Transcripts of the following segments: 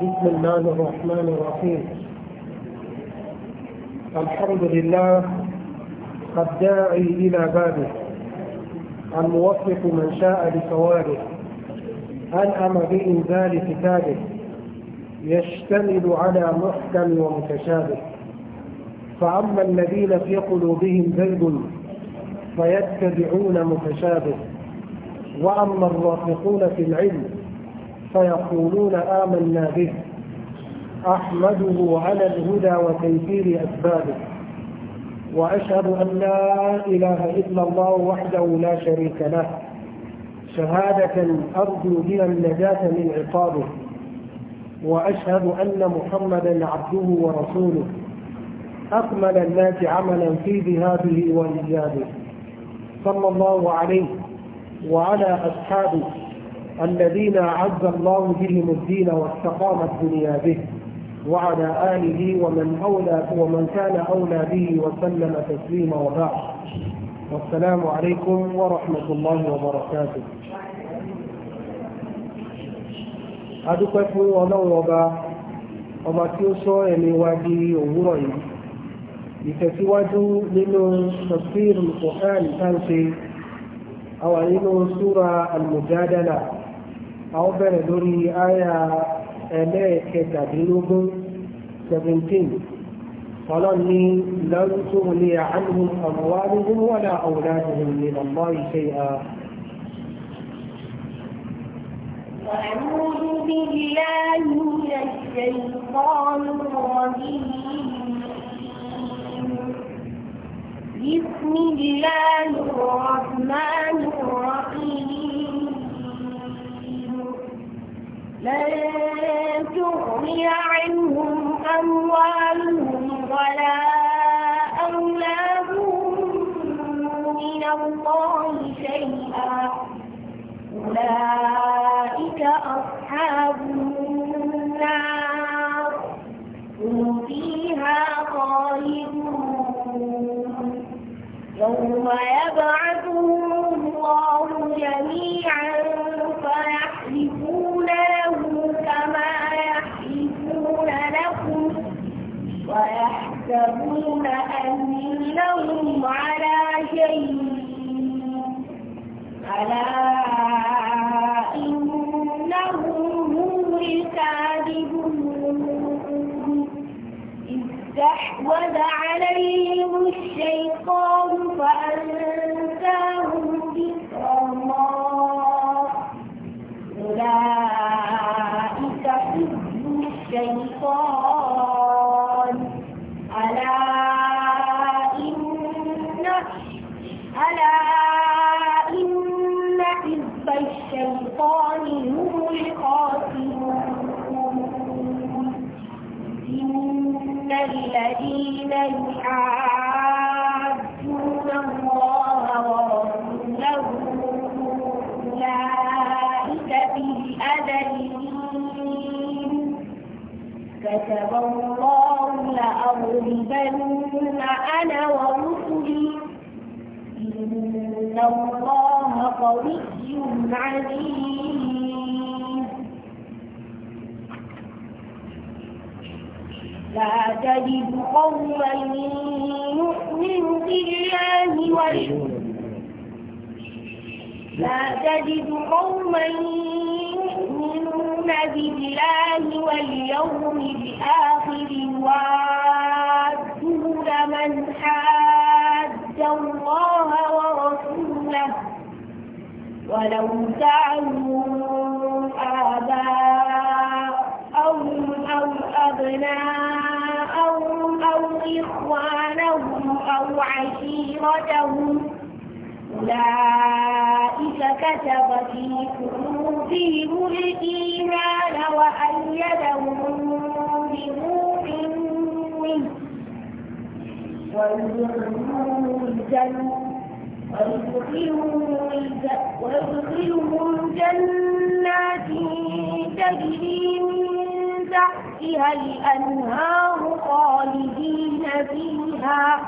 بسم الله الرحمن الرحيم الحمد لله الداعي إلى بابه الموفق من شاء لثوابه أنعم بإنزال كتابه يشتمل على محكم ومتشابه فأما الذين في قلوبهم زيد فيتبعون متشابه وأما الرافقون في العلم فيقولون آمنا به أحمده على الهدى وتيسير أسبابه وأشهد أن لا إله إلا الله وحده لا شريك له شهادة أرجو بها النجاة من عقابه وأشهد أن محمدا عبده ورسوله أكمل الناس عملا في ذهابه وإيابه صلى الله عليه وعلى أصحابه الذين أعز الله بهم الدين واستقامت دنيا به وعلى آله ومن أولى ومن كان أولى به وسلم تسليما وبعد والسلام عليكم ورحمة الله وبركاته adúpẹ́ fún ọlọ́run وما تيوسو tí وادي وغوري ẹ̀mí wa di òwúrọ̀ yìí ìtẹ̀síwájú nínú tafsir al àwọn bẹ̀rẹ̀ lórí àyà ẹlẹ́ẹ̀kẹtàdínlógún seventeen ọlọ́run ní lọ́rùtò ní àánúhùn àmúwárúhùn wọ́n dà àwòránihùn ní ọmọ iṣẹ́ a. أعوذ بالله من الشيطان الرجيم بسم الله الرحمن الرحيم لن تغني عنهم أموالهم ولا أولادهم من الله شيئا أولئك أصحاب النار هم فيها خالدون يوم يبعثون شيء استحوذ عليهم الشيطان فأن يحاجون الله كتب الله لأغلبن أنا ورسلي إن الله قوي عزيز لا تجد قوما يؤمن بالله واليوم لا تجد قوما يؤمنون بالله واليوم الآخر وادون من حاد الله ورسوله ولو تعلمون أبناءهم أو إخوانهم أو عشيرتهم أولئك كتب في قلوبهم الإيمان وأيدهم بروح منه ويدخلهم الجنة تجري تحتها الأنهار خالدين فيها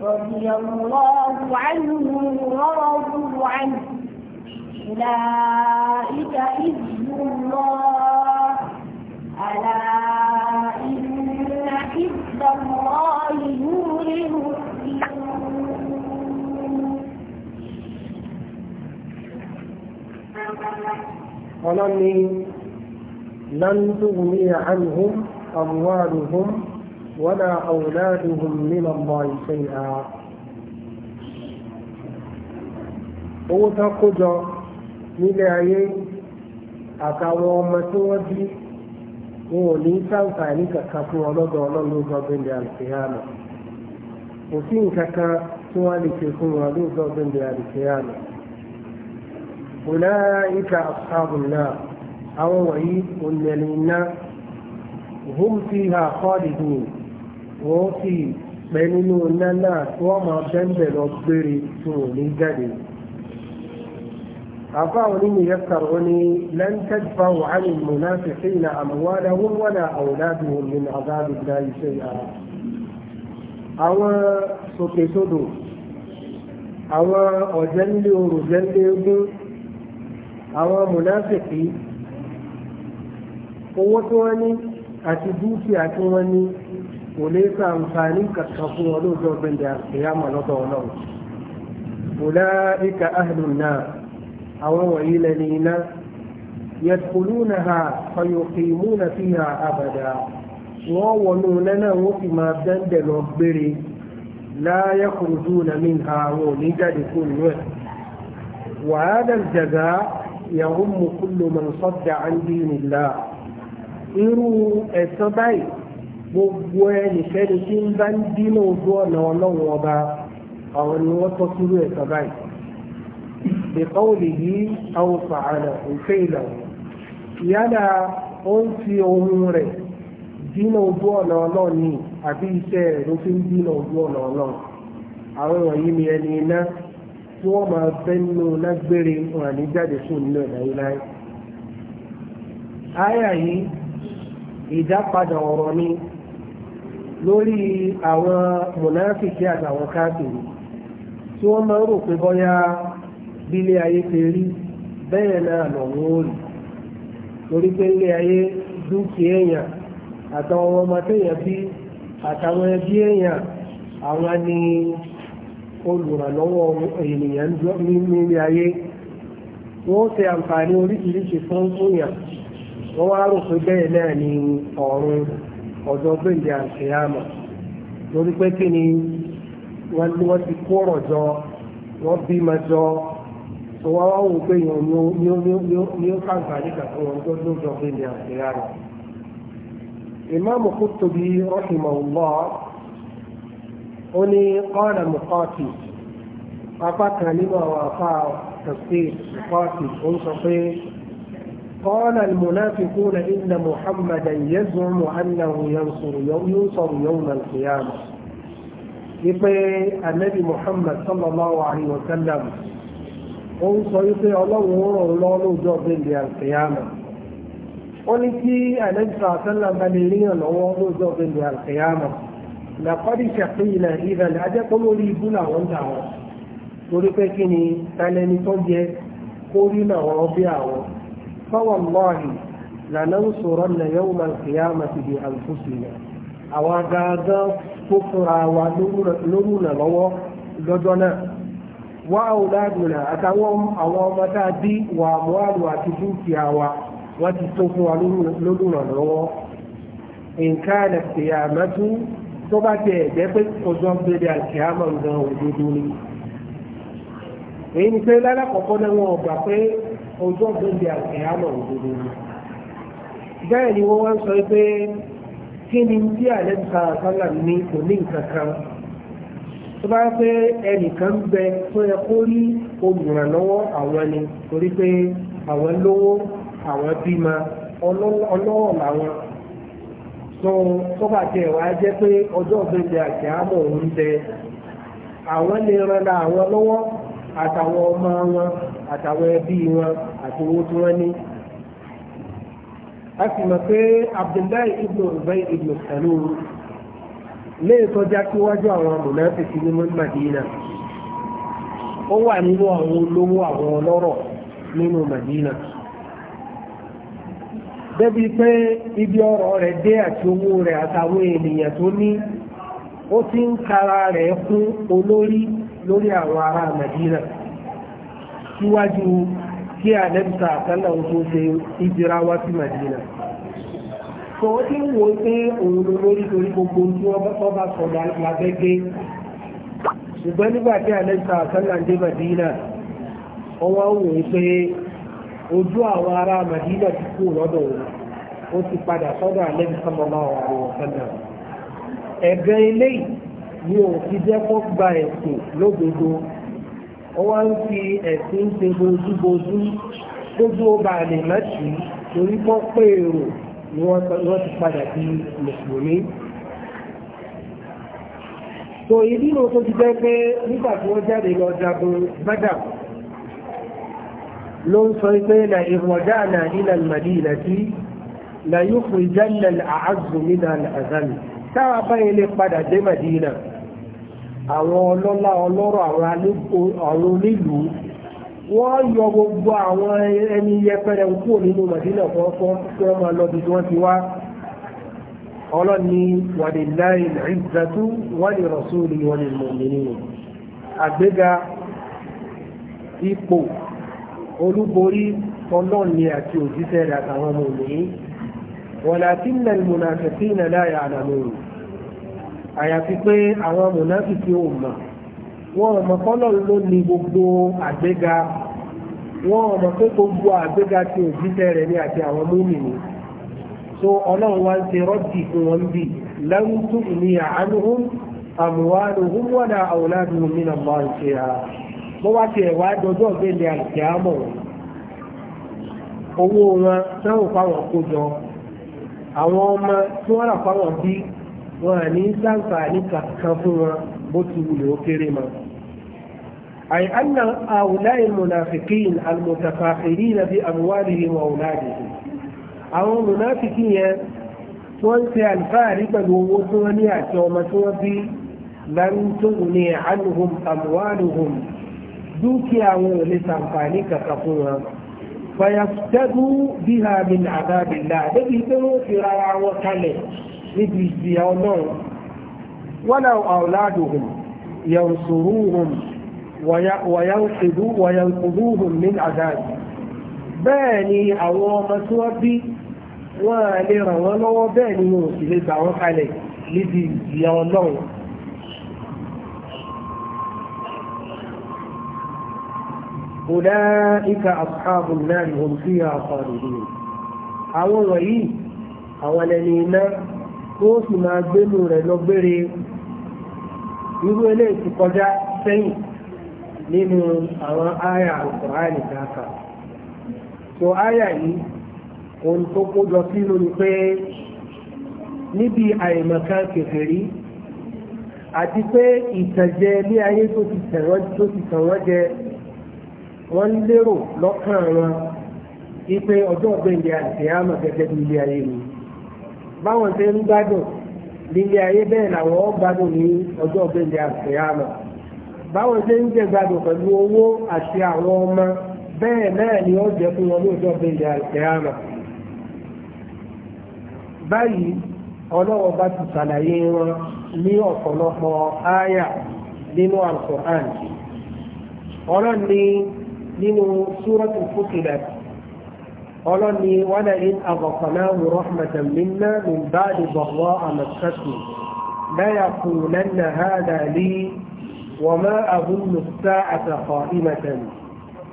رضي الله عنه ورضوا عنه أولئك حزب الله ألا إن حزب الله هم المفلحون لن تغني عنهم أموالهم ولا أولادهم من الله شيئا owó tán kó jọ nílé ayé àtàwọn ọmọ tí wọ́n bí wọn ò ní sáǹfààní kankan fún ọlọ́dọ̀ ọlọ́run lóòjọ́ gbẹ̀ndẹ̀ kò sí nǹkan tí wọ́n lè ṣe fún wọn lóòjọ́ gbẹ̀ndẹ̀ àlùfẹ́yàmù. أولئك أصحاب àwọn wọ̀nyí ònìyàn iná hum fiha khalidun wọ́n sì pẹ́ nínú iná náà tí wọ́n máa bẹ́ńbẹ̀ lọ gbére tí wọ́n ní jáde. أعطاه لم يذكرني لن تدفع عن المنافقين أموالهم ولا أولادهم من عذاب الله شيئا àwọn sòkèsodò àwọn ọ̀jẹ̀lẹ̀ orùjẹ̀lẹ̀ ogun àwọn mùnáfìkì owó tí wọ́n ní àti dúkìá tí wọ́n ní kò lè sa àǹfààní kankan fún wọn lóòjọ́ gbẹ̀ndẹ̀ àkèyàmọ̀ lọ́dọ̀ ọlọ́run ulaika ahlun nar àwọn wọ̀nyí lẹ́ni iná yadkhulunaha fayuqimuna fiha abada wọ́n wọnú lẹ́nà wọ́n fi máa dẹ́ndẹ̀ lọ gbére la yakhrujuna minha àwọn òní jáde fún ìlú ẹ̀ wa hada al-jaza yahummu kullu man sadda an irú ẹ̀san báyìí gbogbo ẹnìkẹ́ni tí ń bá ń dínà ojú ọ̀nà ọlọ́run ọba àwọn ni wọ́n tọ́ sírú ẹ̀san báyìí bẹ̀kọ́wòlì yìí àwọn fàánà òfé ìlànà yálà ó ń fi ohun rẹ̀ dínà ojú ọ̀nà ọlọ́run ni àbí iṣẹ́ rẹ̀ ló fi ń dínà ojú ọ̀nà ọlọ́run àwọn wọ̀nyí ni ẹni iná tí wọ́n máa nínú lágbére wọn àní jáde fún nínú ìdápadà ọ̀rọ̀ ni lórí àwọn mùnáfìkì àtàwọn káàkiri tí wọ́n máa ń rò pé bọ́yá bílé ayé ti rí bẹ́ẹ̀ náà lọ́wọ́ rí torí pé ilé ayé dúkìá èèyàn àtàwọn ọmọ téèyàn bí àtàwọn ẹbí èèyàn àwọn ni olùrànlọ́wọ́ ènìyàn ní ilé ayé wọ́n ṣe wọ́n wá rò pé bẹ́ẹ̀ náà ni ọ̀run ọ̀dọ́ gbèǹde ni wọ́n ní wọ́n ti kó ọ̀rọ̀ jọ wọ́n bímọ jọ tó wá wá wò pé yàn ni ó kàǹfààní kàkọ́ tó ló jọ gbèǹde ìmáàmù ó ní apá kan nínú àwọn àfa قال المنافقون إن محمدا يزعم أنه ينصر يوم ينصر يوم القيامة ipe anabi محمد صلى الله عليه وسلم، ó ń sọ wípé ọlọ́run ó ràn lọ́ lóòjọ́ bẹ́ẹ̀lì alkiyama ó ní kí anabi sàtàlà bá lè ríyàn lọ́wọ́ lóòjọ́ bẹ́ẹ̀lì alkiyama làkọ́dí ṣàfihàn ìrẹ̀lẹ̀ ajẹ́kọ́ ibú làwọn dà wọ́n torí pé kí ni tàlẹ́ni tó jẹ kó làwọn bí àwọn فوالله لننصرن يوم القيامة بأنفسنا àwọn agáagá tó fúnra wa lórúnà lọ́wọ́ lọ́jọ́ náà wá àwòládùnà àtàwọn àwọn ọmọ tá a bí wà mọ́àlù àti dúkìá wa wọ́n ti tó fún wa lórúnà lọ́wọ́ nǹkan àlẹ́kẹ̀yà mẹ́tú tó bá tẹ ẹ̀jẹ́ pé kọjọ́ bẹ̀rẹ̀ àkẹ́yàmọ̀ nǹkan òdodo ni èyí ni pé lálàkọ̀ọ́kọ́ náà wọn ò gbà pé ọjọ́ gbẹ̀gbẹ̀ a òdodo ni bẹ́ẹ̀ ni wọ́n wá ń sọ pé kí ni tí àlẹ́bùsà àtàlà ní kò ní nǹkan kan tó bá pé ẹnìkan bẹ tó yẹ kó rí olùrànlọ́wọ́ àwọn ni torí pé àwọn lówó àwọn bímọ ọlọ́wọ́ làwọn jẹ́ pé ọjọ́ àtàwọn ọmọ wọn àtàwọn ẹbí wọn àti owó tí wọ́n ní. a sì mọ̀ pé Abdullahi ibn Ubay ibn Salul léètọ́ já síwájú àwọn mùnáfíkì ní Madina ó wà nínú àwọn olówó àwọn ọlọ́rọ̀ nínú Madina débi pé ibi ọrụ rẹ̀ dé àti owó rẹ̀ àtàwọn ènìyàn tó ní ó ti ń kara rẹ̀ fún lórí àwọn ará Madina síwájú kí a àtàlà oṣù ṣe ìjìra wá sí Madina sọ ó ti ń wo pé òun ló lórí torí gbogbo tí wọ́n bá sọ lábẹ́gbé ṣùgbọ́n nígbà tí àlẹ́bùsà àtàlà ń dé Madina ọwọ́ ń wòye pé ojú àwọn ará Madina ti kú lọ́dọ̀ òun ó ti padà sọ́dọ̀ àlẹ́bùsà mọ́mọ́ àwọn ọ̀sán náà ẹ̀gbẹ́ eléyìí ni ò fi jẹ́ kó gba ẹ̀sìn lódodo ó wá ń fi ẹ̀sìn ṣe bojúbojú gbogbo ọba àlè mẹ́tì torí pọ́ pé èrò ni wọ́n ti padà di mùsùlùmí. tò ìdí ló tó ti jẹ́ pé nígbà tí wọ́n jáde lọ jagun bádà ló ń sọ pé na ìrọ̀dá na ilẹ̀ Madinati la yóò fún ìjánilẹ̀ àázùmí na àzámi táwa báyìí lè padà dé Madina. àwọn ọlọ́lá ọlọ́rọ̀ àwọn onílù wọ́n yọ gbogbo àwọn ẹni yẹpẹrẹ ń kúrò nínú màdínà lọ olúborí ọlọ́ni àti òjíṣẹ́ rẹ̀ àtàwọn ọmọ òmìnir wàlá tí nàìmùnà àtẹ̀sí nàìláyà àdàmọ́rùn àyàfi pé àwọn mùnáfìkì ò mọ̀ wọn ọmọ kọ́lọ̀ ló ní gbogbo àgbéga wọn ọmọ pé gbogbo àgbéga ti òjíṣẹ́ rẹ̀ ní àti àwọn múmìnì so ọlọ́run wá ń ṣe rọ́ọ̀tì fún wọn bí lẹ́rùtù ìníyà àánúhùn àmúwánuhùn wọ́n àwòládùn mìíràn máa ń ṣe ha wọ́n wá ti ẹ̀wà dọjọ́ gbélé àìsíámọ̀ owó wọn sáwọn fáwọn kójọ àwọn ọmọ tí wọ́n rà fáwọn bíi wọn à ní sáǹfààní kankan fún wọn bó ti wulè ó kéré ma. àyè anna àwùláyé munafikin almutafafiri na bí amuwalihi wa wùládìí àwọn munafikin yẹn wọ́n ṣe àlùfáàrí pẹ̀lú owó tí wọ́n ní àti ọmọ tí wọ́n bí láńtòun ní àánúhùn àmúwáàlùhùn dúkìá àwọn ò lè sàǹfààní kankan fún wọn fayasitẹ́gù bíhà min àbábìlá débi pé wọ́n fi rárá wọn kalẹ̀ níbi ìjìyà ọlọ́run wọ́n náà àwòládùn yẹ̀nsùrúhùn wọ̀yẹ̀nkùdúhùn ní àdáyé bẹ́ẹ̀ ni àwọn ọmọ tí wọ́n bí wọ́n lè ràn wọ́n lọ́wọ́ bẹ́ẹ̀ ni wọn ò sì lè gbà wọ́n kalẹ̀ níbi ìjìyà فيها خالدون أو وعي أو لنينا tó na sì máa gbénu rẹ̀ lọ gbére irú eléyìí ti kọjá sẹ́yìn nínú àwọn àyà Al-Qur'ani nìkan so aya yìí ohun tó kójọ sínú ni pé níbi àìmọ̀kan kèfèrí àti pé ìtànjẹ ní ayé tó ti tàn wọ́n jẹ wọ́n lérò lọ́kàn wọn ipe ọjọ́ àti àmọ̀ báwọn ṣe ń gbádùn nílé ayé bẹ́ẹ̀ làwọn ó gbádùn ní ọjọ́ ìbẹ̀lẹ̀ àṣeyàmọ̀ báwọn ṣe ń jẹ gbádùn pẹ̀lú owó àti àwọn ọmọ bẹ́ẹ̀ náà ni ó jẹ́ fún wọn ní ọjọ́ ìbẹ̀lẹ̀ àṣeyàmọ̀ báyìí ọlọ́wọ́ bá ti ṣàlàyé wọn ní ọ̀pọ̀lọpọ̀ nínú nínú súrọ́tù ọlọ́ni wọ́lẹ̀ in àbọ̀kọ̀lá rahmatan minna min ba'di dharra amassathu la yaqulanna hadha li wa ma azunnu as-sa'ata qa'imatan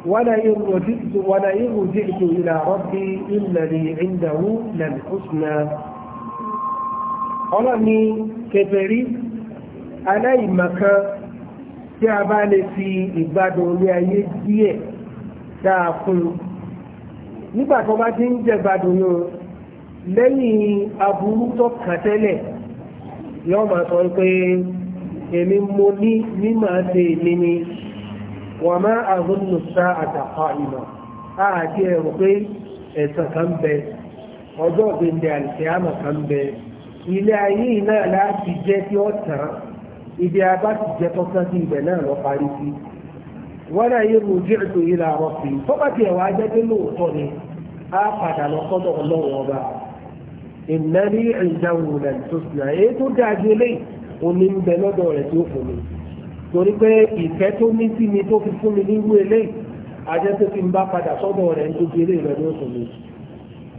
ولئن رجعت ولئن رجعت إلى ربي إن لي عنده للحسنى ọlọ́ni kẹfẹ̀rí aláìmọ̀kan tí a bá lè fi ìgbádùn orí ayé díẹ̀ dáa fún un nígbà tó bá ti ń jẹ̀gbádùn nù lẹ́yìn aburú tó kàn tẹ́lẹ̀ yóò máa sọ pé èmi mo ní ní máa ṣe èmi ni wà má àgúnnù sá àtàkọ ìmọ̀ àti ẹ̀rù pé ẹ̀sàn kan bẹ ọjọ́ ògbéǹde àlùkìyàmọ̀ kan bẹ ilé ayé náà láti jẹ́ kí ó ibi abá ti jẹ́ tọ́ka sí ibẹ̀ náà lọ parí sí i wọ́n náà yìí rùjẹ́ tó yìí làárọ̀ sí i tó bá tiẹ̀ wá jẹ́ pé lóòótọ́ ni á padà lọ sọ́dọ̀ ọlọ́run ọba ìnáni ìdáhùn rẹ̀ tó sùn àyè tó dáa ju eléyìí òní ń bẹ lọ́dọ̀ rẹ̀ tí fún mi torí pé ìfẹ́ tó ní sí mi tó fi fún mi nírú eléyìí ajẹ́ tó fi ń bá padà sọ́dọ̀ rẹ̀ ń tó ju eléyìí lọ ní mi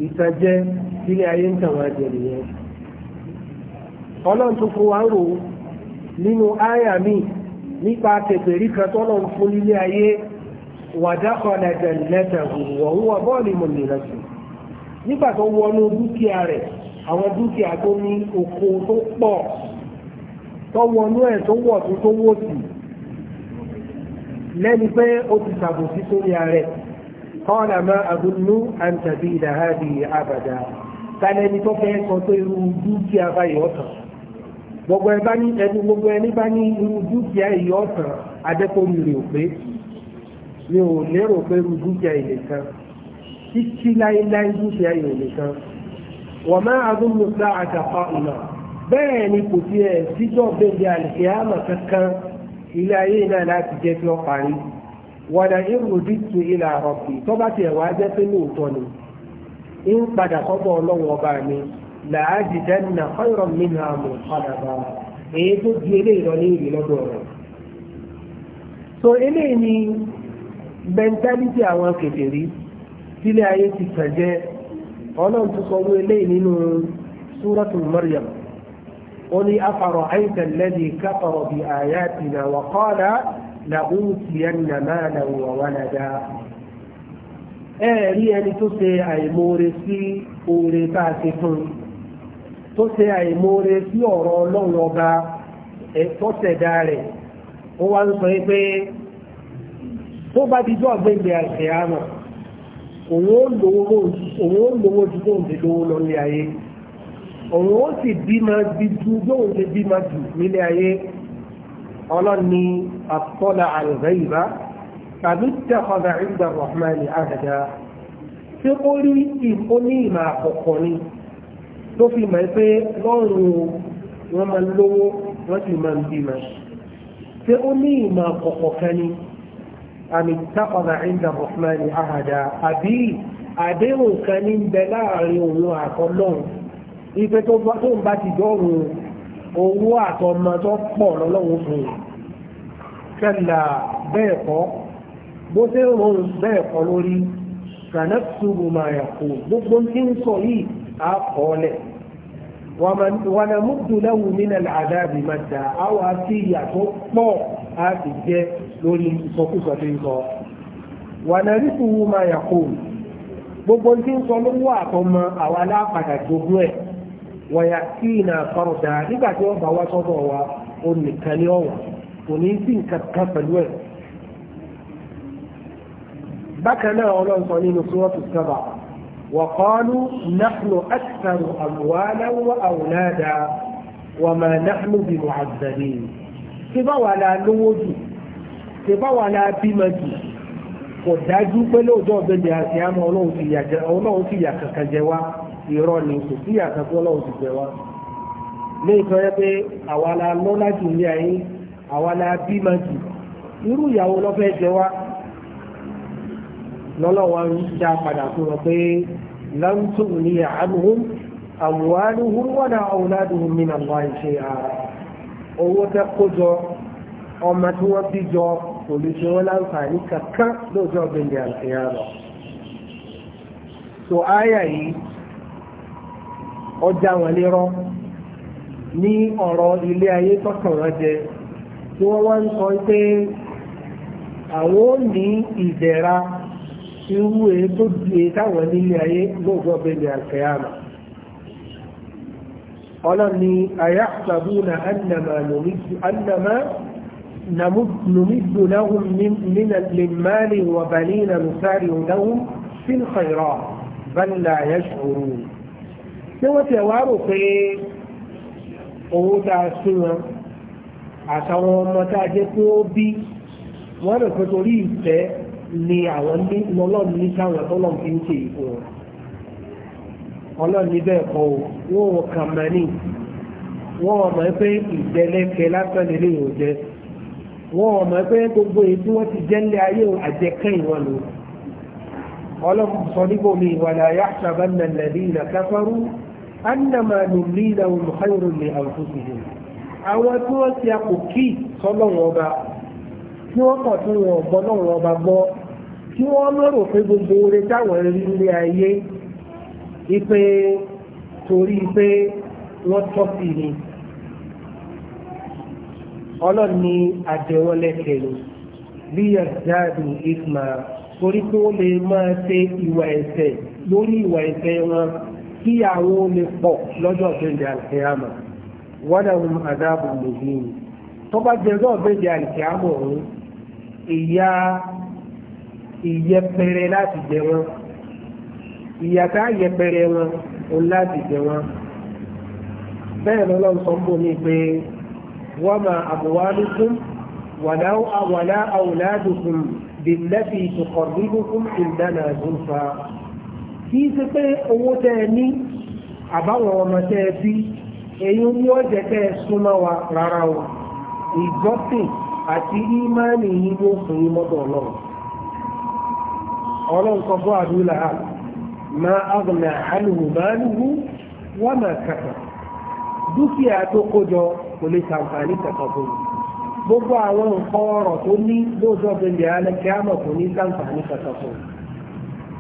ìtajẹ́ sílé ayé ń tàn wá jẹ nìyẹn ọlọ́run tó fún wa ń rò nínú áyà míì nípa kèfèrí kan tọ́lọ̀ ń fún ilé ayé wàdákọ̀ọ́nà jẹ̀lẹ́tẹ̀ wọ̀hún wọ bọ́ọ̀lì mọ̀lẹ́lẹ́sì nígbà tó wọnú dúkìá rẹ̀ àwọn dúkìá tó ní oko tó pọ̀ tó wọnú ẹ̀ tó wọ̀ tó tó wò sí lẹ́ni pé ó ti ṣàbòsí sórí ààrẹ tó fẹ́ sọ pé irú dúkìá báyìí ọ̀tàn gbogbo ẹbá ní ẹni gbogbo ẹni bá ní irú dúkìá èyí ọ̀sán adẹ́kọ̀ọ́mì rè ó pé mi ò lérò pé irú dúkìá èyí kan títí láéláé dúkìá èyí nìkan wọ́n máa agbóhùn sáà àgàpá ìlà bẹ́ẹ̀ ni kò sí ẹ̀ síjọ́ bẹ́ẹ̀ àlìkìyàmà kankan ilé ayé náà láti jẹ́ kí wọ́n parí wọ́n irú dìtú ilà ọ̀pì tó bá tiẹ̀ wá jẹ́ pé lóòótọ́ ni ń padà sọ́dọ̀ لأجدن خيرا منها منقلبا èyí tó di eléyìí lọ ní ìrì rẹ̀ so eléyìí ni mentality àwọn kèfèrí sílé ayé ti kànjẹ́ ọlọ́run tó sọ wọ́n eléyìí nínú súrọ́tù Maryam ó ní afárọ̀ àìsàn lẹ́dí káfọ̀rọ̀ bí àyà tìǹà wà kọ́ọ̀dà làwọn tìyàn nà máa nà wà wà nà dá ẹ̀ẹ́rí ẹni tó ṣe sí oore tá a fún un tó ṣe àìmoore sí ọ̀rọ̀ ọlọ́run ọba ẹ̀tọ́ tẹ̀dá rẹ̀ ó wá ń sọ pé tó bá ti jọ́ ọ̀gbẹ́gbẹ̀ àṣẹ àmọ̀ òun ó lówó ju bóun ti lówó lọ ní ayé òun ó sì bímọ ju bóun ti bímọ jù nílé ayé ọlọ́ni àtọ́lá àrùbẹ́ ìbá tàbí tẹ́kọ̀ọ́dà ìgbà rọ̀hánì àgàdá tí ó rí ìmọ̀ ní ìmọ̀ àkọ́kọ́ ni tó fi mọ̀ pé lọ́rùn wọn máa ń lówó wọ́n sì máa ń bímọ ṣé ó ní ìmọ̀ àkọ́kọ́ kan ni àmì tápàdà ìjà bọ̀fúnmáì àhàdà àbí àdéhùn kan ní bẹ láàrin òun àtọ́lọ́run ife tó ń bá ti dọ́rùn owó àtọmọ tó pọ̀ lọ́lọ́run fún un kẹlà bẹ́ẹ̀ kọ́ bó ṣe ń rọrùn bẹ́ẹ̀ kọ́ lórí kànáfùsùgbùmọ̀ àyàkó gbogbo ń sọ yìí á kọ́ lẹ̀ wàmà mútu lẹ́wù nínú àdáàbì máa dà á wà sí ìyà tó pọ̀ á sì jẹ́ lórí ìsọkúsọ tó ń sọ wàmà rí fún wù máa yà kó gbogbo tí ń sọ ló wà àtọmọ àwa lápàdà gbogbo ẹ̀ wọ̀yà kí ìnà àkọ́rọ̀dà nígbà tí wọ́n bá wá sọ́dọ̀ wa ó nìkan ní ọ̀wà kò ní sí nǹkan pẹ̀lú ẹ̀ bákan náà ọlọ́run sọ nínú sọ́ọ̀tù sábà وقالوا نحن أكثر أموالا وأولادا وما نحن بمعذبين ṣebá wa la lówó jù ṣebá wa la bímọ jù kò dájú pé lóòjọ́ ọ̀gbẹ́ni àti àmọ́ ọlọ́run ti yà kankan jẹ wá irọ́ ni kò sí yà kankan ọlọ́run ti jẹ wá ní ìtọ́jẹ́ pé àwa la ní ayé àwa la irú ìyàwó lọ́fẹ́ jẹ wá lọ́lọ́wọ́ ń já padà fún wọn pé láǹtù ní àánúhùn àwòránúhùn wọ́n náà ọ̀làdùn mi náà wọ́n ṣe ààrẹ owó tẹ́ kó jọ ọmọ tí wọ́n bí jọ kò lè ṣe wọ́n láǹfààní kankan lóòjọ́ gbẹ̀ndẹ̀ àṣeyà lọ. so àyà yìí ọjà wọn lérọ́ ní ọ̀rọ̀ ilé ayé tọ́kàn wọn jẹ tí wọ́n wá ń sọ pé àwọn ò ní ìdẹ̀ra irú èyí tó di èyí táwọn nílé ayé lóògbọ́ bẹ̀rẹ̀ alkayama ọlọ́ni ayáṣàbúnà annama lè لهم من, من, من مال وبنين نسارع لهم في الخيرات ayé ṣòro tí wọ́n ti wá rò pé owó tá sí wọn àtàwọn ọmọ tá a jẹ́ pé ó bí wọ́n rò pé torí ìfẹ́ ni àwọn ní lọ́lọ́run ní sáwọn tọ́lọ́run fi ń ṣe ìbò wọn ọlọ́run níbẹ̀ kọ́ o wọ́n wọ kàmánì wọ́n wọ́n mọ̀ pé ìjẹlẹ́kẹ lásán lè lè jẹ wọ́n wọ́n mọ̀ pé gbogbo èyí tí wọ́n ti jẹ́lẹ̀ ayé àjẹkẹ́ ìwọ̀n lò ọlọ́run sọ níbo mi wala yahsabanna alladhina kafaru annama nùlí lahum khayrun li anfusihim àwọn tí wọ́n kí wọ́n má rò pé gbogbo oore táwọn rí ilé ayé ipe torí pé wọ́n tọ́ sí ni ọlọ́ni àjẹwọ́lẹ́kẹ̀ẹ́ bí ẹ̀dáàdù ìsmà torí pé ó lè máa ṣe ìwà ẹ̀ṣẹ̀ lórí ìwà ẹ̀ṣẹ̀ wọn kí àwọn olè pọ̀ lọ́jọ́ ìgbẹ̀ndẹ̀ àlùkìyàmà wọ́dàwọn àdáàbò lòdì tó bá jẹ́ lọ́ọ̀bẹ̀ndẹ̀ ọ̀hún ìyá ìyẹpẹrẹ láti jẹ wọn ìyàtá yẹpẹrẹ wọn òun láti jẹ wọn bẹ́ẹ̀ lọ́lọ́ sọ ń bò ní pé wọ́n máa àbúwálùkún wàláwù àwàlá àwòládùkún bìlẹ́fì ìtùkọ̀dúnkún ìdáná ìdúnfà kì í ṣe pé owó tẹ́ ẹ ní àbáwọn ọmọ tẹ́ ẹ bí èyí ni ó jẹ́ tẹ́ ẹ súnmọ́ wa rárá o ìjọ́sìn àti ìmáàlì ló fún yín mọ́tò ọlọ́run ọlọ́run sọ fún Abu Lahab ma aghna anhu maluhu wa ma kasab dúkìá tó kójọ kò lè ṣàǹfààní kankan fún mi gbogbo àwọn nǹkan ọrọ̀ tó ní lóòjọ́ bẹ̀rẹ̀ alẹ́ kí á mọ̀ kò ní ṣàǹfààní kankan fún mi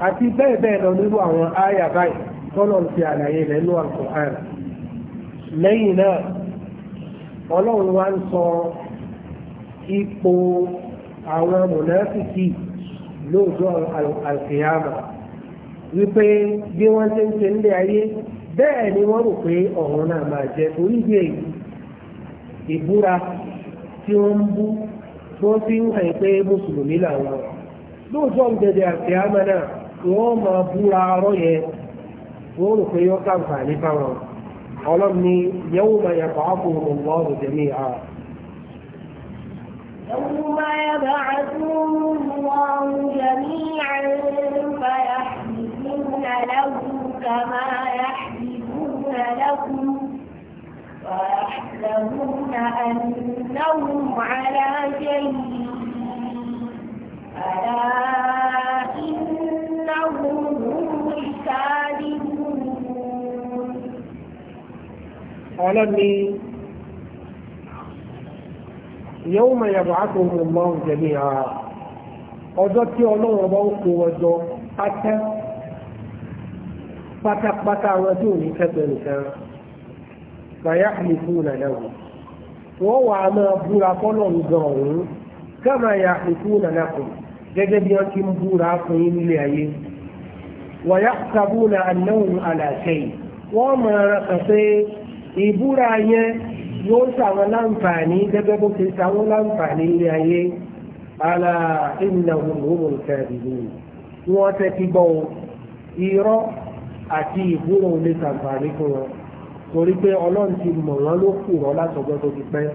àti bẹ́ẹ̀ bẹ́ẹ̀ lọ nínú àwọn àyà báyìí tọ́lọ̀ ti àlàyé rẹ̀ ní Al-Qur'an lẹ́yìn náà ọlọ́run wá ń sọ ipò àwọn mùnáfíkì lóòjọ́ àlùkìyàmà wípé bí wọ́n ṣe ń ṣe nílé ayé bẹ́ẹ̀ ni wọ́n rò pé ọ̀run náà máa jẹ torí bí èyí ìbúra tí wọ́n ń bú tí wọ́n fi ń hàn pé mùsùlùmí làwọn lóòjọ́ ìdẹ̀dẹ̀ àlùkìyàmà náà wọ́n máa búra ọ̀rọ̀ yẹn wọ́n rò pé yọ́ọ́ sàǹfààní fáwọn ọlọ́run ni yẹ́wò máa yàtọ̀ àkùnrin ọ̀gbọ́n ọ̀rọ̀ jẹ̀mí àá يوم يبعثون الله جميعا فيحلفون له كما يحلفون لكم ويحسبون أنهم على شيء ألا إنهم هم الكاذبون ọ yab'athuhum Allahu jami'a ọjọ́ tí ọlọ́run ọba ń kó ọjọ́ pátápátá tí ò ní kẹsẹ̀ nìkan fayahlifuna lahu wọ́n wà á máa búra fọ́lọ́run gan ọ̀hún kama yahlifuna lakum gẹ́gẹ́ bí wọ́n ti ń búra fún yín nílé ayé wa yahsabuna annahum ala shay wọ́n máa ìbúra yẹn yóò ṣàwọn láǹfààní gẹ́gẹ́ bó ṣe ṣàwọn láǹfààní ilé ayé ala ìnáwó lóhùn kẹrìnì wọn tẹ ti gbọ́ irọ́ àti ìbúrò lè ṣàǹfààní fún wọn torí pé ọlọ́run ti mọ̀ wọn ló kù wọn látọ̀gbọ́n tó ti pẹ́.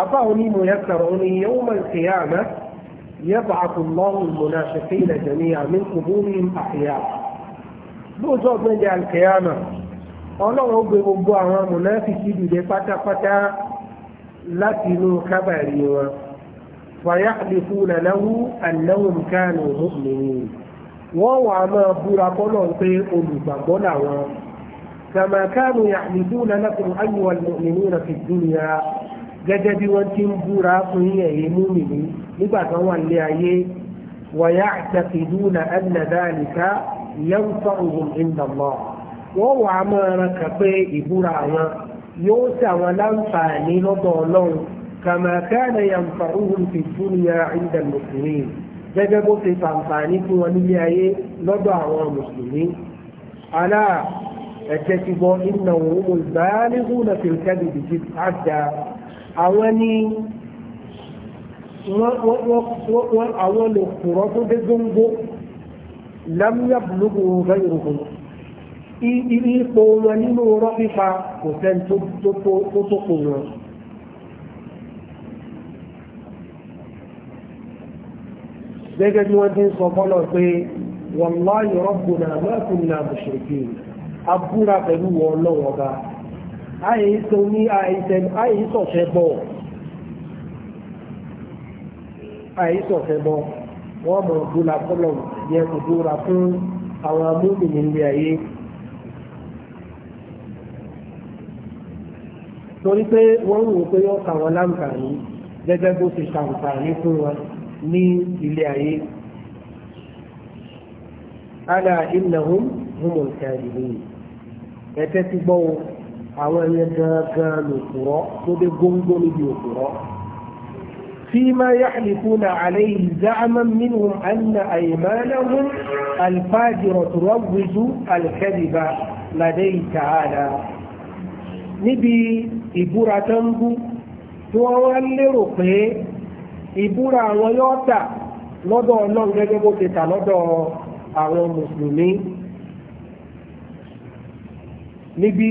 àbá onímọ̀ yẹn sọ̀rọ̀ ó ní yẹ́wò mọ̀ ṣe yá àná يبعث الله المنافقين جميعا من قبورهم أحياء. لو جاء من القيامة ọlọ́run ó gbé gbogbo àwọn mùnáfíkì dìde pátápátá láti inú kábàárì wọn fàyà àlefù nànáwó ànáwòm kánù mọ́mìnrin wọ́n wà á máa búra bọ́lọ̀ pé olùgbàgbọ́ làwọn kàmá kánù àlefù nànákùn ayọ̀ àlùmọ̀mìnrin rẹ̀ fi dúnìyà gẹ́gẹ́ bí wọ́n ti ń búra fún ẹ̀yẹ múmìnì nígbà tó wà lé ayé wàyà àtàkìdúnà ẹ̀nà dáàlìkà yẹn fáwọn ìdàmọ́ wọ́n wà á mọ ẹran kan pé ìbúra àwọn yóò ṣe àwọn láǹfààní lọ́dọ̀ ọlọ́run kàmá káàdà yàǹfà òhun fi dúnìyà ìdà mùsùlùmí gẹ́gẹ́ bó ṣe fàǹfààní fún wọn nílé ayé lọ́dọ̀ àwọn mùsùlùmí. alá ẹ̀jẹ̀ ti bọ́ iná òun mo gbà á ní húnà fi kẹ́bi dìjì àjà àwọn ní àwọn lòkùrọ̀ tó dé góńgó lámúyàbùlùkù rẹ̀ ìrùkùn. ipò wọn nínú ọ̀rọ̀ pípa kò sẹ́ni tó tó kò wọn. gẹ́gẹ́ bí wọ́n ti ń sọ bọ́lọ̀ pé wàláyé rọ́bùnà mẹ́kùnlá mùsùlùmí abúra pẹ̀lú wọn lọ́wọ́ bá àìsàn ní àìsọ̀ṣẹ́ bọ̀ wọ́n mọ̀ búra kọ́lọ̀ yẹ kò búra fún àwọn ilé ayé torí pé wọ́n ń wò pé yóò ka wọn láǹfààní gẹ́gẹ́ bó ti ṣàǹfààní fún wọn ní ilé ayé. ala innahum humul kadibin ẹ̀tẹ́ ti gbọ́ o àwọn ẹ̀yẹ gangan lòkùrọ́ tó dé góńgó níbi òkùrọ́. فيما يحلفون عليه زعما منهم أن أيمانهم الفاجرة تروج الكذب لديه تعالى نبي ìbúra tó ń bú tí wọ́n wá lérò pé ìbúra àwọn yóò tà lọ́dọ̀ ọlọ́run gẹ́gẹ́ bó ti tà lọ́dọ̀ àwọn mùsùlùmí níbi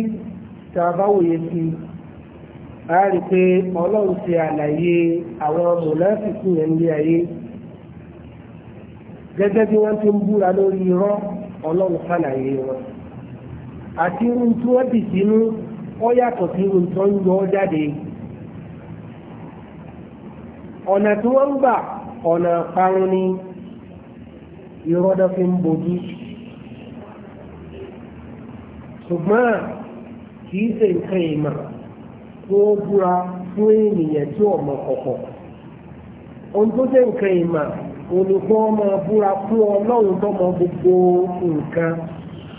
tá a bá wòye sí i a rí i pé ọlọ́run ti àlàyé àwọn mùnáfíkì yẹn ní ayé gẹ́gẹ́ bí wọ́n ti ń búra lórí irọ́ ọlọ́run ṣàlàyé wọn àti irun tí wọ́n dì sínú ó yàtọ̀ sí nǹkan yọ ọ́ jáde ọ̀nà tí wọ́n ń gbà ọ̀nà parun ni ìrọ́dọ̀ fi ń bojú ṣùgbọ́n kì í ṣe nǹkan ìmọ̀ tó búra fún ènìyàn tí ọmọ kọ̀kọ̀ ohun tó ṣe nǹkan ìmọ̀ olùkọ́ ọmọ búra fún ọlọ́run tó mọ gbogbo nǹkan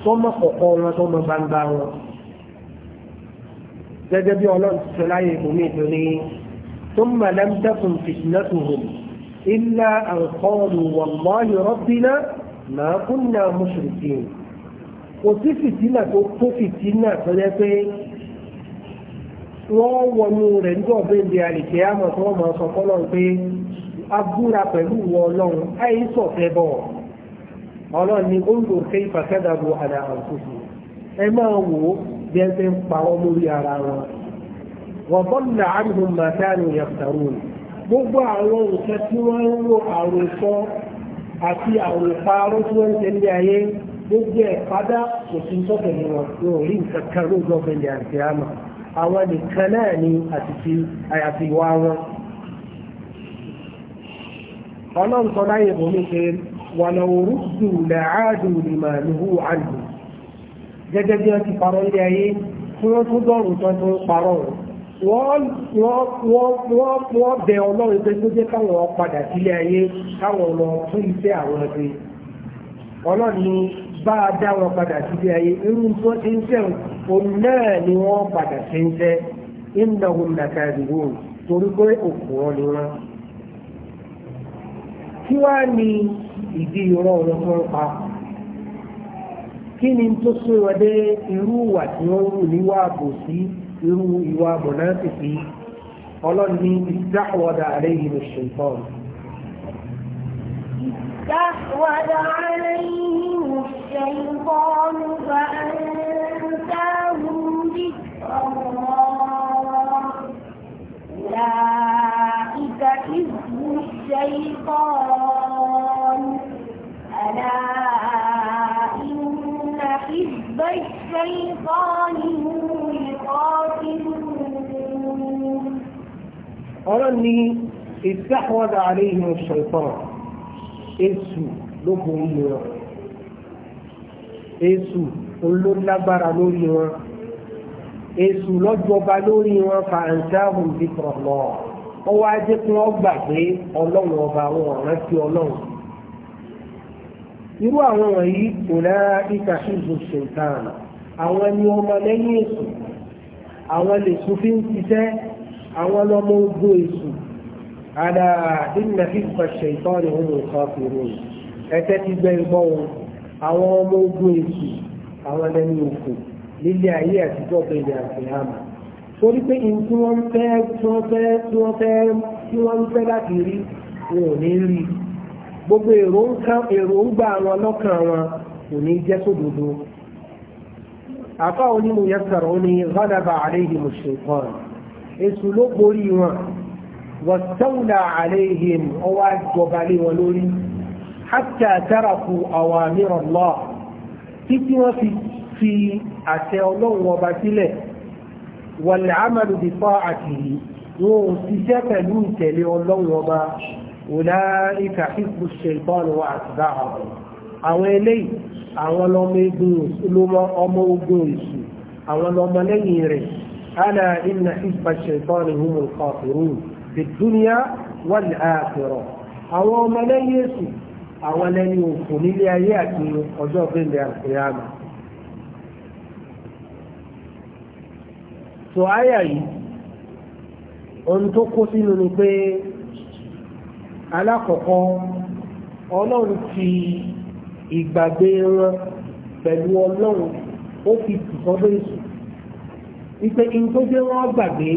tó mọ kọ̀kọ̀ wọn tó mọ gbangba wọn gẹ́gẹ́ bí ọlọ́run ti sọ láyé ìbomi ìtòní thumma lam takun fitnatuhum illa an qalu wallahi rabbina ma kunna mushrikin kò sí fìtínà tó tó fìtínà tó yẹ pé wọ́n wọnú rẹ̀ nígbà bẹ́ẹ̀ni àlìkẹ́ àmọ̀ tí wọ́n máa sọ fọ́lọ́ pé agbúra pẹ̀lú ìwọ ọlọ́run àyè sọ̀tẹ́ bọ̀ ọlọ́run ni ó ń lò kéfà kẹ́dàbọ̀ àdà àǹkóso ẹ máa wò ó jẹ́sẹ̀ ń pa wọ́n lórí ara wọn wọ́n bọ́lá àrùn màdánù yàtàrún gbogbo àwọn nǹkan tí wọ́n ń lo àròsọ àti àròparọ́ tí wọ́n ń tẹ̀lé ayé gbogbo ẹ̀ padà kò sí sọ́kẹ̀lẹ̀ wọn ní orí nǹkan kan ló gbọ́dọ̀ ní àti àmà àwọn nìkan náà ni àtìsí àyàfi wọn. ọlọ́run sọ láyé bòmí pé gẹ́gẹ́ bí wọ́n ti parọ́ ilé ayé tí wọ́n tún dọ̀rù tán tó ń parọ́ wọ́n bẹ ọlọ́run pé tó jẹ́ káwọn padà sílé ayé káwọn lọ fún iṣẹ́ àwọn ẹgbẹ́ ọlọ́run ni bá a dá wọn padà sílé ayé irú tí wọ́n ti ń ṣe òun náà ni wọ́n padà ṣe ń ṣe ìnáwó nàkàdìgbò torí pé òkúrọ́ ni wọ́n kí wá ní ìdí ìrọ̀ wọn tó ń pa kí ni tó sọ wọn dé irú ìwà tí wọ́n rù níwà bò sí irú ìwà mọ̀nàfìsì ọlọ́ni ìdáwọ́dà àlẹ́yìn ní ṣèǹtọ́n. استحوذ عليهم الشيطان فأنساهم ذكر الله أولئك إذن الشيطان ألا حزب الشيطان هم الخاسرون أرني استحوذ عليهم الشيطان إسو لهم Èṣù olólágbára lórí wọn Èṣù lọ́jọba lórí wọn fàǹtàhùn dìkọ̀ lọ ọwọ́ ajé kí wọ́n gbà pé ọlọ́run ọba wọn rántí ọlọ́run irú àwọn wọ̀nyí kò lára ìka ṣùgbọ́n ṣèǹtàn àwọn ni ọmọ lẹ́yìn èṣù àwọn lè sùn fi ń ṣiṣẹ́ àwọn lọ́mọ ogun èṣù àdá ìnà ìfà ṣèǹtàn ni wọ́n kọ́ fèrè ẹ̀tẹ́ ti gbẹ ìbọn wọn àwọn ọmọ ogun èṣù àwọn lẹ́ni òkú lílé ayé àtijọ́ bẹ̀rẹ̀ àfihàn torí pé nǹkan wọn fẹ́ tí wọ́n fẹ́ tí wọ́n fẹ́ láti rí wọn ò ní rí i gbogbo èròǹgbà wọn lọ́kàn wọn kò ní jẹ́ sódodo àfa onímọ̀ yẹn sọ̀rọ̀ ó ní ghadaba àléhìn mùsùlùmí èṣù ló borí wọn wọ́tẹ́wùlà àléhìn ọwọ́ àjọba lé wọn lórí hátà tàràkù àwọn mìíràn lọ títí wọ́n fi àṣẹ ọlọ́run ọba sílẹ̀ wọ̀lẹ̀ àmàlùbí fọ́ àtìrí wọn ò ṣiṣẹ́ pẹ̀lú ìtẹ̀lé ọlọ́run ọba أولئك حزب الشيطان وأتباعه àwọn eléyìí àwọn ọmọ ogun ọmọ ogun èṣù àwọn ọmọ lẹ́yìn rẹ̀ ala inna hizba kafirun fid dunya wal akhirah àwọn ọmọ lẹ́yìn èṣù àwọn lẹ́ni òfò nílé ayé àti ọjọ́ bẹ́ẹ̀ ama alákọ̀ọ́kọ́ ọlọ́run ti ìgbàgbé rán pẹ̀lú ọlọ́run ó fi tù sọ́dọ̀ èṣù wípé in tó jẹ́ wọ́n gbàgbé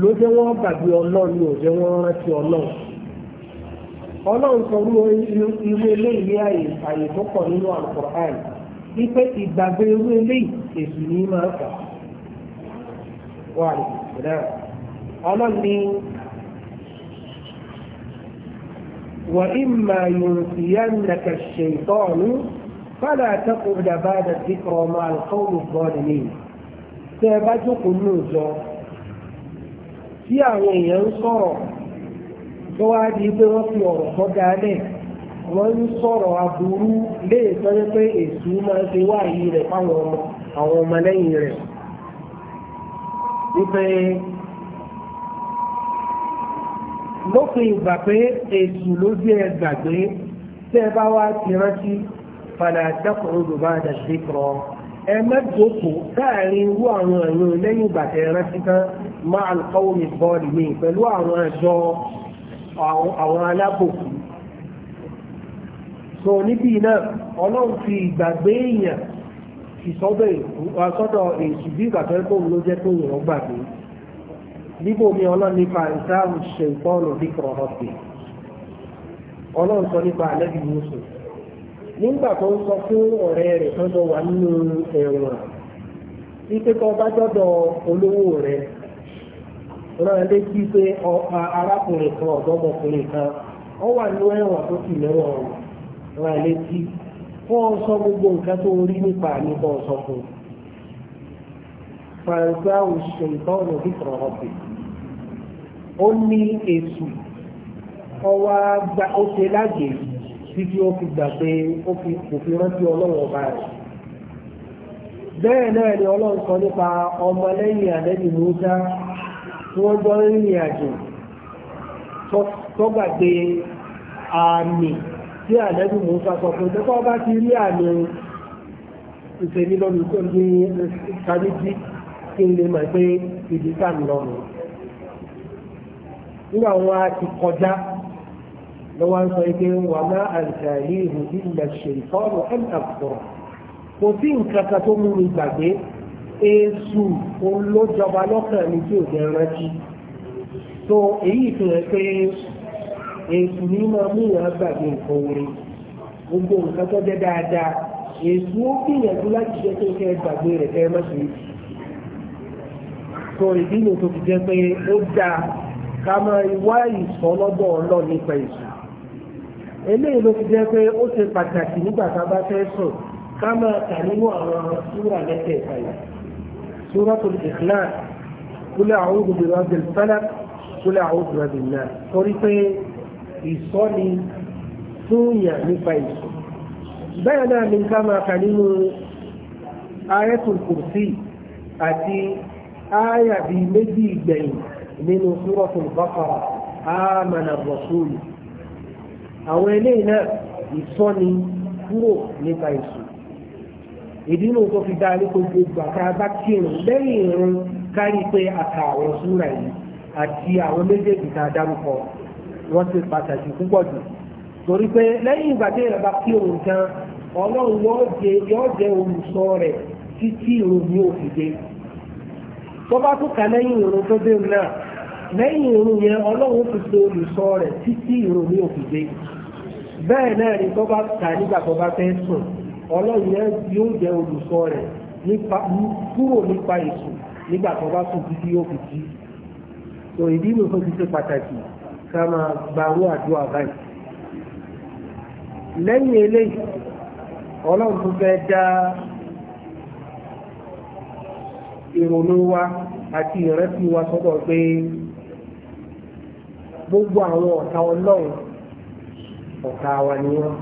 ló jẹ́ wọ́n gbàgbé ọlọ́run ní òjẹ́ wọ́n rántí ọlọ́run ọlọ́run sọ irú eléyìí ní àyè tó pọ̀ nínú wípé ìgbàgbé irú eléyìí ní máa وإما ينسينك الشيطان فلا تقعد بعد الذكرى مع القوم الظالمين سيباتو قنوزو tí àwọn èèyàn ń sọ̀rọ̀ tó wá di pé wọ́n fi ọ̀rọ̀ tó dalẹ̀ wọ́n ń sọ̀rọ̀ aburú léè tọ́jú pé èsù máa ń ṣe wáyé rẹ̀ fáwọn ọmọ àwọn ọmọlẹ́yìn rẹ̀ wípé lópin ìgbà pé èsù ló jẹ́ ẹgbàgbé tẹ́ ẹ bá wá ti rántí padà dákùn olùbá àdàṣe kọ ẹ mẹ́jọ́kù káàrin irú àwọn ẹ̀yìn lẹ́yìn ìgbà tẹ́ ẹ rántí tán máa ń kọ́wọ́ mi bọ́ọ̀lù mi pẹ̀lú àwọn ẹ̀jọ́ àwọn alábòkú so níbi náà ọlọ́run fi ìgbàgbé èèyàn ìsọ́dọ̀ èsù bí ìgbà tó ń ló jẹ́ tó yẹn ó gbàgbé níbo ni ọlọ́run nípa ìsáàmù ṣe ìtọ́nù bí kọ̀ọ̀rọ̀ pè ọlọ́run sọ nípa àlẹ́bí Yusuf nígbà tó ń sọ fún ọ̀rẹ́ rẹ̀ tó ụlọ wà nínú ẹ̀wọ̀n wípé tó bá jọ́dọ̀ olówó rẹ̀ rán létí pé ọ̀pá arákùnrin kan ọ̀dọ́mọkùnrin kan ó wà nínú ẹ̀wọ̀n tó sì lẹ́wọ̀n rán létí fún gbogbo nǹkan tó rí nípa fún ó ní èsù ọwọ́ gba ó ṣe láàyè títí ó fi gbà pé ó fi kò fi rántí ọlọ́run ọba rẹ̀ bẹ́ẹ̀ náà ni ọlọ́run sọ nípa ọmọlẹ́yìn àlẹ́bí Mùsá tí wọ́n jọ rìnrìn àjò tọ́gbàgbé àmì tí àlẹ́bí Mùsá sọ pé tẹ́kọ́ bá ti rí àmì ìṣèlú lọ́nà tó ní kábíjí kí n lè mọ̀ pé ìdí sáà lọ́nà nígbà wọn a ti kọjá lọ́wọ́ ń sọ pé wà má àǹtàlí ìhùn ilẹ̀ ṣèǹtọ́rọ̀ ẹ̀ àbùkọ̀rọ̀ kò sí nǹkan kan tó mú mi gbàgbé èésù olójọba lọ́kàn mi tí ò jẹ́ rántí so èyí fi hàn pé èésù ní máa mú ìyàn gbàgbé nǹkan wọlé gbogbo nǹkan tó jẹ́ dáadáa èésù ó gbìyànjú láti jẹ́ pé kẹ́ ẹ gbàgbé rẹ̀ kẹ́ ẹ má ṣe é so ìdí ni tó fi jẹ́ pé ó dáa ká máa wá ìsọlọ́dọ̀ ọlọ́ nípa èṣù eléyìí ló fi jẹ́ pé ó ṣe pàtàkì nígbà tá a bá fẹ́ sùn ká máa kà nínú àwọn súrà lẹ́tẹ̀ẹ̀ta yìí Suratul Ikhlas Qul a'udhu bi rabbil falaq Qul a'udhu bi rabbin nas torí pé ìsọ́ni súnyà nípa èṣù bẹ́ẹ̀ náà ni ká máa kà nínú Ayatul Kursi àti áyà bíi méjì ìgbẹ̀yìn nínú súrọ̀tù bákàrà àmàna rọ̀súlù àwọn eléyìí náà ìsọ́ni kúrò nípa èṣù ìdínú tó fi dá nípa gbogbo àtàbá kírun irun kárí pé àti a wọ́n ti pàtàkì púpọ̀ jù torí pé lẹ́yìn ìgbà tí tán ọlọ́run yóò olùsọ títí ní òfìdé tó bá tún kà lẹ́yìn tó dé náà lẹ́yìn irun yẹn ọlọ́run fi ṣe olùṣọ́ rẹ̀ títí irun ní òfìdé bẹ́ẹ̀ náà ni tó bá ta nígbà tó bá fẹ́ sùn ọlọ́run yẹn yóò jẹ́ olùṣọ́ rẹ̀ kúrò nípa èṣù nígbà tó bá sùn títí yóò fi jí tó ìdí mi fún ti ṣe pàtàkì ká máa gbarú àdúrà báyìí lẹ́yìn eléyìí ọlọ́run tó fẹ́ dá ìrònú wa àti ìrẹ́pì wa sọ́dọ̀ pé gbogbo àwọn ọ̀tá ọlọ́run ọ̀tá wa ni wọ́n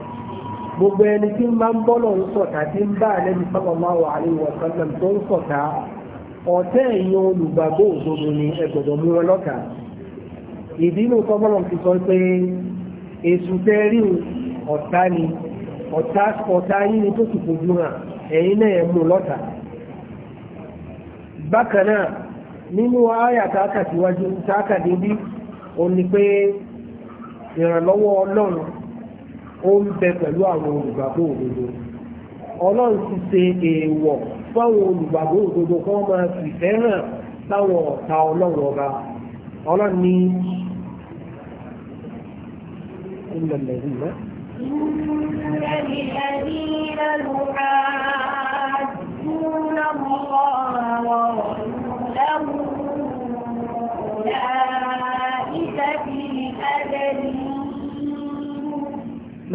gbogbo ẹni tí ń bá ń bọ́ lọ́run sọ̀tá tí ń bá àlẹ́ ìfọ́nà máa wà ní tó ń sọ̀tá ọ̀tẹ́ ẹ̀yin olùgbàgbọ́ òdodo ni ẹgbọ̀dọ̀ mú wọn lọ́tà ìdínú tọ́bọ̀lọ̀ ti sọ pé èsù tẹ́rí ọ̀tá ni ọ̀tá yìí ni tó sì fojú hàn ẹ̀yin náà mú lọ́tà bákan náà nínú ayà tákàtíwájú tákàdébí òun ni pé ìrànlọ́wọ́ ọlọ́run ó ń bẹ pẹ̀lú àwọn olùgbàgbọ́ òdodo ọlọ́run ti ṣe èèwọ̀ fáwọn olùgbàgbọ́ òdodo kí wọ́n máa fi fẹ́ràn láwọn ọ̀tá ọlọ́run ọba ọlọ́run ní إلا الذين إلا الذين يحادون الله ورسوله أولئك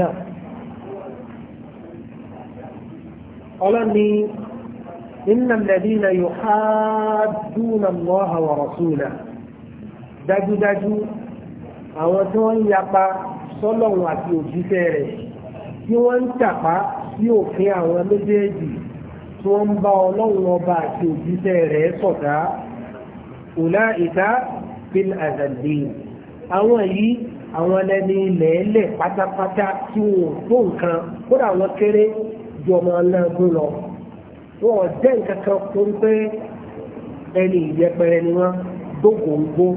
náà ọlọ́ni iná lẹ́bí na yóò há dúnà mọ́ àwọn rọ̀súnà dájúdájú àwọn tí wọ́n ń yapa sọ́lọ́run àti òjíṣẹ́ rẹ̀ tí wọ́n tàpá sí òfin àwọn méjèèjì tí wọ́n bá ọlọ́run ọba àti òjíṣẹ́ rẹ̀ sọ̀tá ọ̀là ìdá fil àzàdé àwọn yìí àwọn ẹlẹ́ni ilẹ̀ ẹlẹ̀ pátápátá tí wọ́n tó nǹkan kódà wọ́n kéré ju ọmọ ọlọ́gbọ́n lọ wọ́n jẹ́ nǹkan kan tó ń ẹni ìyẹpẹrẹ ni wọ́n dógóńgó.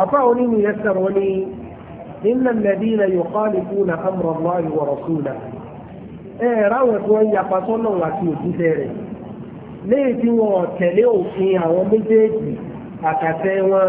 àbá onímù yẹn sọ̀rọ̀ ni nínú alladhina yukhalifuna amra Allahi wa rasulahu ẹ̀ ráwọn tí wọ́n yapa sọ́nà àti òjíṣẹ́ rẹ̀ léyìí tí tẹ̀lé òfin àwọn méjèèjì wọn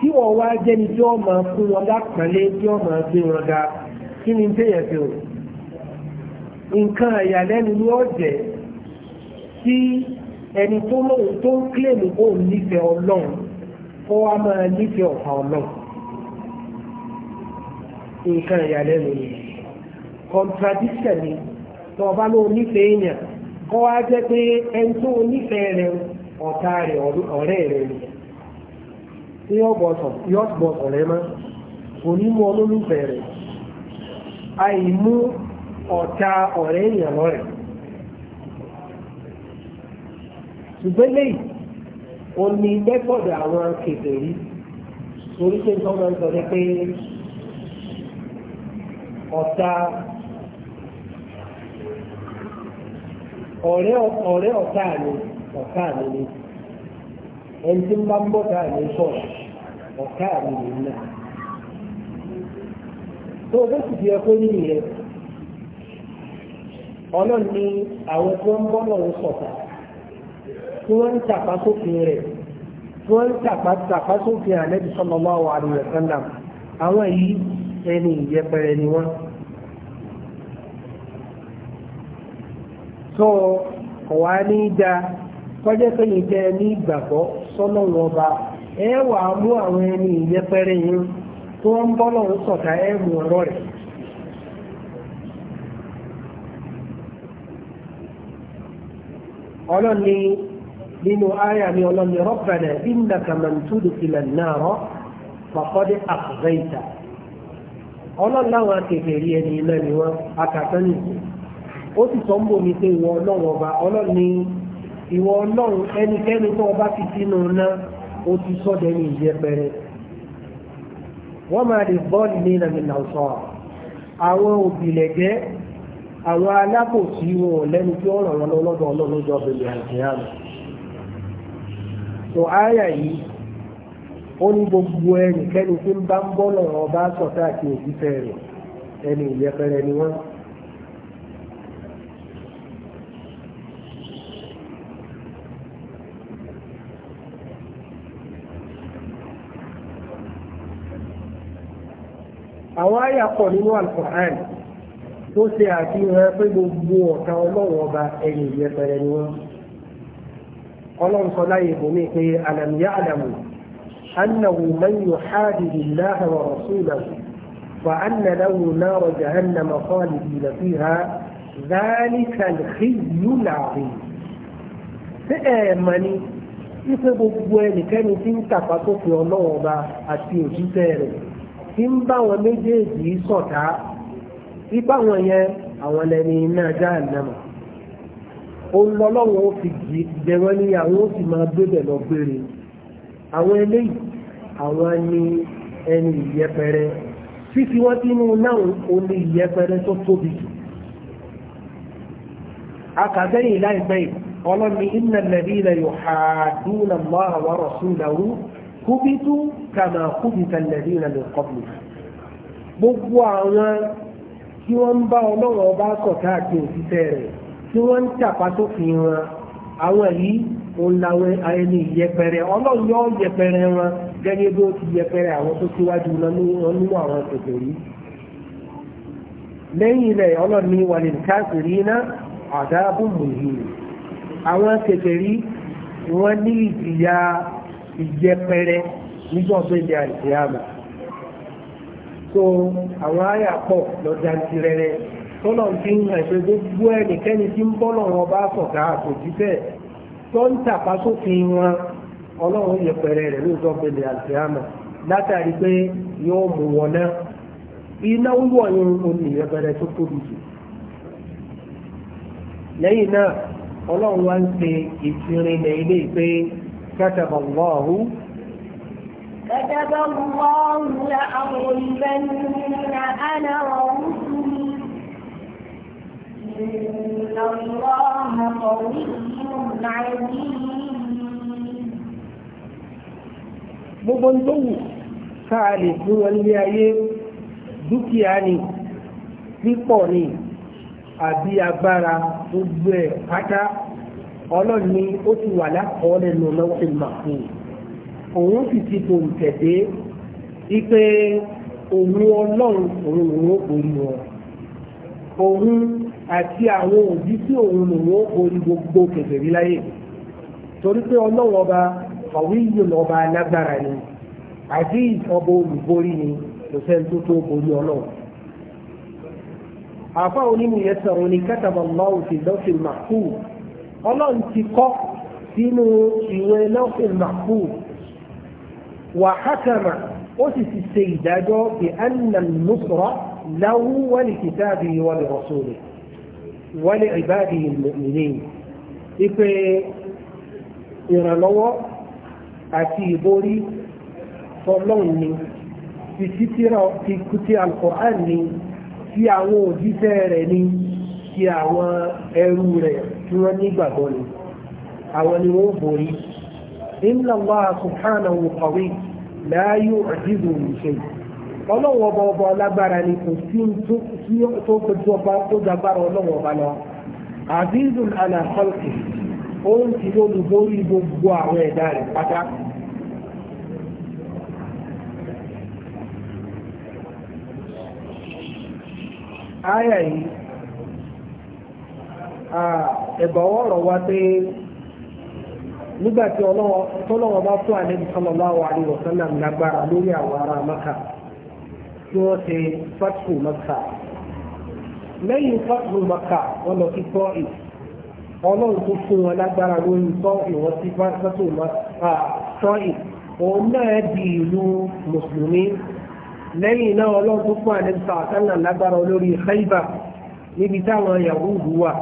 tí wọ́n wá jẹ́ni tí wọ́n máa fún wọn lápẹ́lẹ́ tí wọ́n máa gbé wọn ga kí ni téèyàn fi hàn nǹkan àyàlẹ́nu ni ó jẹ́ tí ẹni tó lóun tó ń kílèmù ó nífẹ̀ẹ́ ọlọ́run kó wá máa nífẹ̀ẹ́ ọ̀pá ọlọ́run nǹkan ìyàlẹ́nu ni contradiction ni tó ọba ló nífẹ̀ẹ́ èèyàn kó wá jẹ́ pé ẹni tó nífẹ̀ẹ́ rẹ̀ ọ̀tá rẹ̀ ọ̀rẹ́ rẹ̀ nìyẹn. yọ́ọ̀bọ̀tọ̀ rẹ̀ mọ́ onímú olólùfẹ́ rẹ̀ àìmú ọ̀tá ọ̀rẹ́ èèyàn lọ́rẹ̀ ṣùgbọ́n lẹ́yìn o ní mẹ́tọ̀dọ̀ àwọn kèfèrí torí pé nǹkan máa ń sọ pé ọ̀tá ọ̀rẹ́ ọ̀tá mi ni ọ̀ká mi nìyí náà tó o bó sì fi ẹkọ nínú yẹn ọlọ́run ní àwọn tí wọ́n ń bọ́ lọ́wọ́ sọ̀tà tí wọ́n ń tàpá sófin rẹ̀ tí wọ́n ń tàpá tàpá sófin àwọn yìí ẹni ìyẹpẹrẹ ni wọ́n. ọ̀wá ní í da kọjá ẹ wà á mú àwọn ẹni ìyẹpẹrẹ yín tí ń bọ́ lọ́wọ́ sọ̀tà ẹ ọ̀rọ̀ rẹ̀. ọlọ́ni nínú àyà n'i ọlọ́ni rabbana innaka man tudkhila an-nara faqad akhzayta ọlọ́láwọn akẹ̀kẹ̀rí ẹni iná ni wọ́n akàtọ́ nìyí ó sì sọ ń bò pé ìwọ ọlọ́run ọba ọlọ́ni ìwọ ó ti sọ́dẹ̀ ní ìyẹpẹrẹ wọ́n máa lè bọ́ọ̀lù ní ìlànà ìlànsọ́ àwọn òbílẹ̀gẹ́ àwọn alábòsí wọn ò lẹ́nu tí ó ràn wọn lọ́dọ̀ ọlọ́lọ́jọ́ bẹ̀rẹ̀ àìsíyàmù tó áyà yìí ó ní gbogbo ẹnikẹ́ni tí ń bá ń bọ́ lọ́rọ̀ ọba sọ̀tà àti òjíṣẹ́ rẹ̀ ẹni ìyẹpẹrẹ ni wọ́n àwọn àyà pọ̀ nínú alukur'an tó ṣe àfihàn pé gbogbo ọ̀tá ọlọ́run ọba ẹ̀yìn ìyẹpẹrẹ ni wọ́n ọlọ́run sọ láyé ìbomi pé alam ya'lamu annahu man yuhadidu allaha wa rasulahu fa anna lahu nara jahannama khalidina fiha dhalika al-khizyu al-'azim ṣé ife gbogbo ẹnikẹ́ni tí ń tàpá sófin ọlọ́run ọba àti òjíṣẹ́ rẹ̀ tí ń bá wọn méjèèjì ṣọ̀tá ipá wọn yẹn àwọn lẹni iná Jahannama òun lọ́lọ́wọ́ ó fi jẹ wọ́n ní àwọn ó sì máa gbébẹ̀ lọ gbére àwọn eléyìí àwọn ni ẹni ìyẹpẹrẹ fífi wọ́n sínú náà ó ní ìyẹpẹrẹ tó tóbi jù akàbẹ́yìn láìpẹ́ yìí ọlọ́ni innal ladhina kúbitú kàmà kúbità lẹ́dí ìrìnàlẹ̀ kọ́pù gbogbo àwọn tí wọ́n ń bá ọlọ́run ọba sọ̀ káàkiri òṣìṣẹ́ rẹ̀ tí wọ́n ń tàpá sófin wọn àwọn yìí òun làwọn ẹni ìyẹpẹrẹ ọlọ́run yóò yẹpẹrẹ wọn gẹ́gẹ́ bí ó ti yẹpẹrẹ àwọn tó síwájú lọ nínú àwọn tòtò rí lẹ́yìn ilẹ̀ ọlọ́run ní káàkiri iná àdáàbò ìyẹpẹrẹ níjọ́ gbèdé àìsíámà so àwọn aya pọ̀ lọ ti rẹrẹ tọ́lọ̀ fi ń hàn pé gbogbo ẹnikẹ́ni tí ń bọ́ lọ́wọ́ bá sọ̀tà àkòjì bẹ́ẹ̀ tó ń tàpá sófin wọn ọlọ́run yẹpẹrẹ rẹ̀ lóòótọ́ gbèdé àìsíámà látàrí pé yóò mú wọn náà iná wíwọ̀ yẹn oníyẹpẹrẹ tó tóbi jù náà ọlọ́run wá ń كتب الله كتب الله لأغلبن أنا ورسلي إن الله قوي عزيز gbogbo ń tó wù káà lè fún wọn ní ayé dúkìá ni pípọ̀ ni àbí agbára gbogbo ẹ̀ pátá ọlọ́run ni ó ti wà lákọọ́lẹ̀ lọ lọ́wọ́ ìmọ̀ fún un òun sì ti bò ń tẹ̀dé ipe òun ọlọ́run òun òun ó borí wọn òun àti àwọn òbí tí òun òun ó borí gbogbo kẹfẹ́rí láyè torí pé ọlọ́run ọba ọ̀wí yìí lọ́ba alágbára ni àbí ìjọba olùborí ni kò sẹ́ni tó tó borí ọlọ́run àfa onímù yẹn sọ̀rọ̀ ni kátàbọ̀ mọ́ òsì lọ́sìn màkúù ọlọ́run ti kọ́ sínú ìwé lọ́fìn màkú wà hákàmà ó sì ti ṣe ìdájọ́ bí anna nusra lahu wa li kitabihi wa li rasulihi wa li ibadihi ìrànlọ́wọ́ àti ìborí tọ́lọ́run ni ti títí alquran ni ti àwọn òjíṣẹ́ rẹ̀ ni. àti àwọn ẹrú rẹ̀ tí wọ́n nígbàgbọ́ ni àwọn ni wọ́n borí inna Allaha subhanahu qawiy la yu'jizuhu shay ọlọ́wọ́ ọba ọba lágbára ni kò sí tó kojú ọba tó dágbára ọlọ́wọ́ ọba lọ gbogbo àwọn ẹ̀dá rẹ̀ pátá. Aya yìí ẹ̀bọ̀wọ́ ọ̀rọ̀ wa pé nígbà tí ọlọ́wọ́ bá fún àlejò sallallahu alaihi wasallam lágbára lórí àwọn ará maka tí wọ́n fatu maka lẹ́yìn fatu maka wọ́n lọ sí tọ́ì ọlọ́run tó fún wọn lágbára lórí tọ́ì wọ́n fatu maka tọ́ì òun náà di ìlú mùsùlùmí lẹ́yìn náà ọlọ́run tó fún lágbára lórí níbi táwọn wà.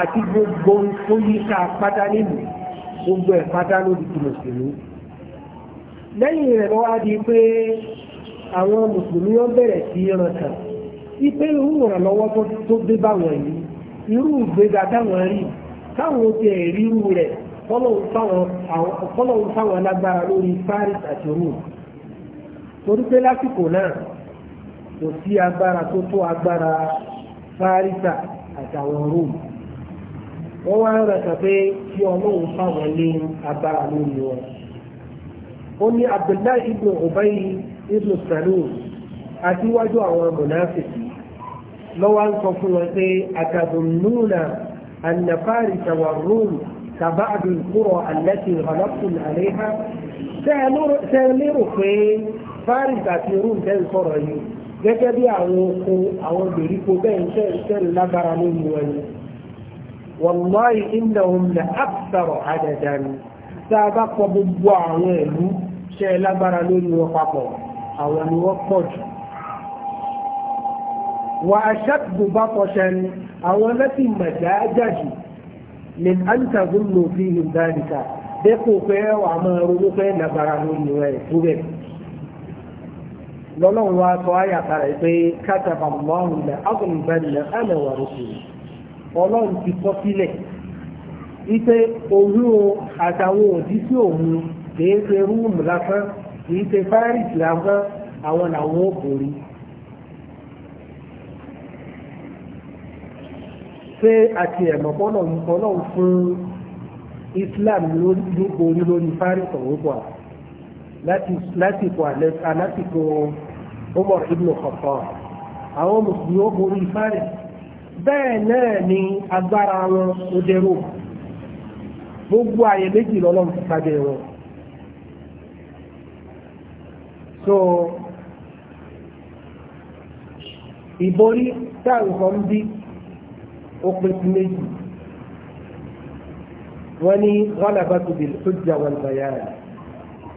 àti gbogbo tó yíká pátá nínú gbogbo ẹ̀ pátá lórí ti mùsùlùmí lẹ́yìn rẹ̀ lọ́wọ́ di pé àwọn mùsùlùmí wọ́n bẹ̀rẹ̀ sí ẹran kan ipe irú ìrànlọ́wọ́ tó dé báwọn yìí irú ìgbéga táwọn rí táwọn ti ẹ̀rí irú rẹ̀ fọ́lọ́hún fáwọn alágbára lórí Paris àti Rome torí pé lásìkò náà kò sí agbára tó tó agbára Paris àtàwọn Rome wọ́n wá ń rẹ̀kàn pé kí ọlọ́run fáwọn ní agbára lórí wọn. ó ní abdullahi ibn ubay ibn salul àti iwájú àwọn mùnáfíkì lọ́wọ́ ń sọ fún wọn pé àtàdùnnúnà ànàfàrí tàwárùn tàbáàdù kúrọ̀ àlẹ́tì ọlọ́kùn àléhà tẹ́ lérò pé fáris àti rúùn tẹ́ ń sọ̀rọ̀ yìí gẹ́gẹ́ bí àwọn oko àwọn gbèríko bẹ́ẹ̀ ń tẹ́ lágbára lórí wọn yìí wàláì ìnáhùn lè àpùsàrọ̀ àdàdà ni tá a bá kọ gbogbo àwọn ìlú ṣe lágbára lórí wọn papọ̀ àwọn ni wọ́n pọ̀ jù wà á ṣàkùbù bá pọ̀ṣẹ́ ni àwọn lẹ́sìn mẹ̀dáájà jù ní àǹtàgùn lòfin ìdáríkà dẹ́kun pé wà á máa ronú pé lágbára lórí wọn ẹ̀ tó bẹ̀ lọ́lọ́run wa sọ ayàtà rẹ̀ pé kátàbà mọ́ọ̀rùn lẹ́ àgùnbẹ̀lẹ̀ ẹ̀mẹ̀wà rẹ̀ ọlọ́run ti kọ́ sílẹ̀ ipe òun o àtàwọn òdí sí òun kìí ṣe rúùmù lásán kìí ṣe fáírìsì lásán àwọn làwọn ò borí. ṣé àti ẹ̀mọ̀ ọlọ́run fún Islam ló borí lórí fáírìsì ọ̀hún pọ̀ lásìkò àlẹ́ àlásìkò Umar ibn Khattab àwọn mùsùlùmí ó borí fáírìsì bẹ́ẹ̀ náà ni agbára wọn ó dẹrù gbogbo àyè méjì lọ́lọ́run ti wọn. so ìborí táàrùkọ ń bí ó pé sí méjì wọ́n ní ghalabatu bil hujja wal bayan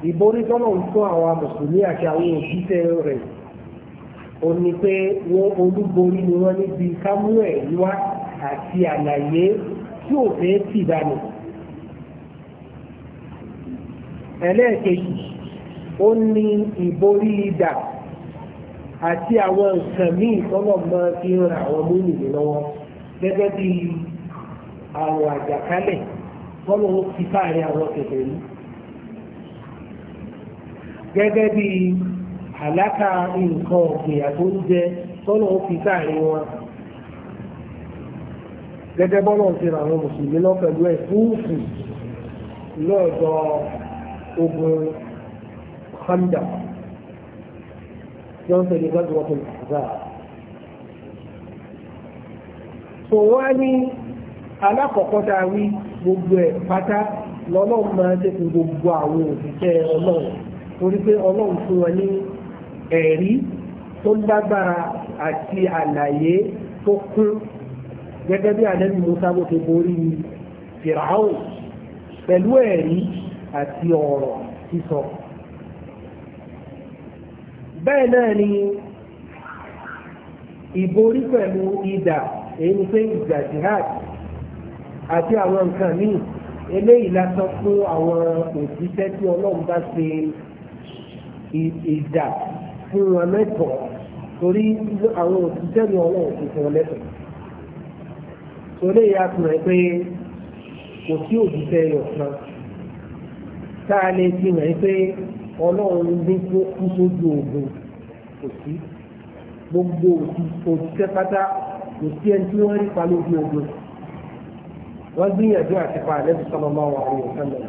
ìborí tọ́lọ̀ ń fún àwọn mùsùlùmí àti àwọn òbí tẹ́ rẹ̀ ó ní pé wọ́n olúborí ni wọ́n níbi samuel wá àti àlàyé tí ò fẹ́ tì dànù. ẹlẹ́ẹ̀kejì ó ní ìborí idà àti àwọn nǹkan míì tọ́lọ́mọ fi ń ra àwọn múnìyàn lọ́wọ́ gẹ́gẹ́ bí àwọn àjàkálẹ̀ tọ́lọ́ ti fáàrin àwọn kẹfẹ́ yìí gẹ́gẹ́ bí àlákà nǹkan ọ̀gbìyà tó ń jẹ tọ́nà ó fi sáàrin wọn gẹ́gẹ́ bọ́lọ̀ ti ra àwọn mùsùlùmí lọ pẹ̀lú ẹ̀ fúùfù lọ́ọ̀dọ̀ ogun kanda tí wọ́n pẹ̀lú gbọ́dọ̀ wọ́n pẹ̀lú àgbà. wá ní alákọ̀ọ́kọ́ tá a wí gbogbo ẹ̀ pátá lọ́lọ́run máa ń tẹ̀sí gbogbo àwọn òṣìṣẹ́ ọlọ́run torí pé ọlọ́run fún wọn ní ẹ̀rí tó lágbára àti àlàyé tó kún gẹ́gẹ́ bí ànábì Musa bó ti borí Fìràáwò pẹ̀lú ẹ̀rí àti ọ̀rọ̀ sísọ bẹ́ẹ̀ náà ni ìborí pẹ̀lú idà èyí pé ìjà jihad àti àwọn nǹkan míì eléyìí lásán fún àwọn òṣìṣẹ́ tí Ọlọ́run bá ṣe ìdà fún wọn lẹ́tọ̀ọ́ torí àwọn òṣìṣẹ́ ní ọlọ́run ti fún wọn lẹ́tọ̀ọ́ torí ìyá fún pé kò sí òṣìṣẹ́ yọ̀ kan tá lè fi hàn pé ọlọ́run ní kó kú sójú ogun kò sí gbogbo òṣìṣẹ́ pátá kò sí ẹni tí wọ́n rí pa lójú ogun wọ́n gbìyànjú àti pa àlẹ́ bí sọ́mọ́ máa wà ní ọ̀sán náà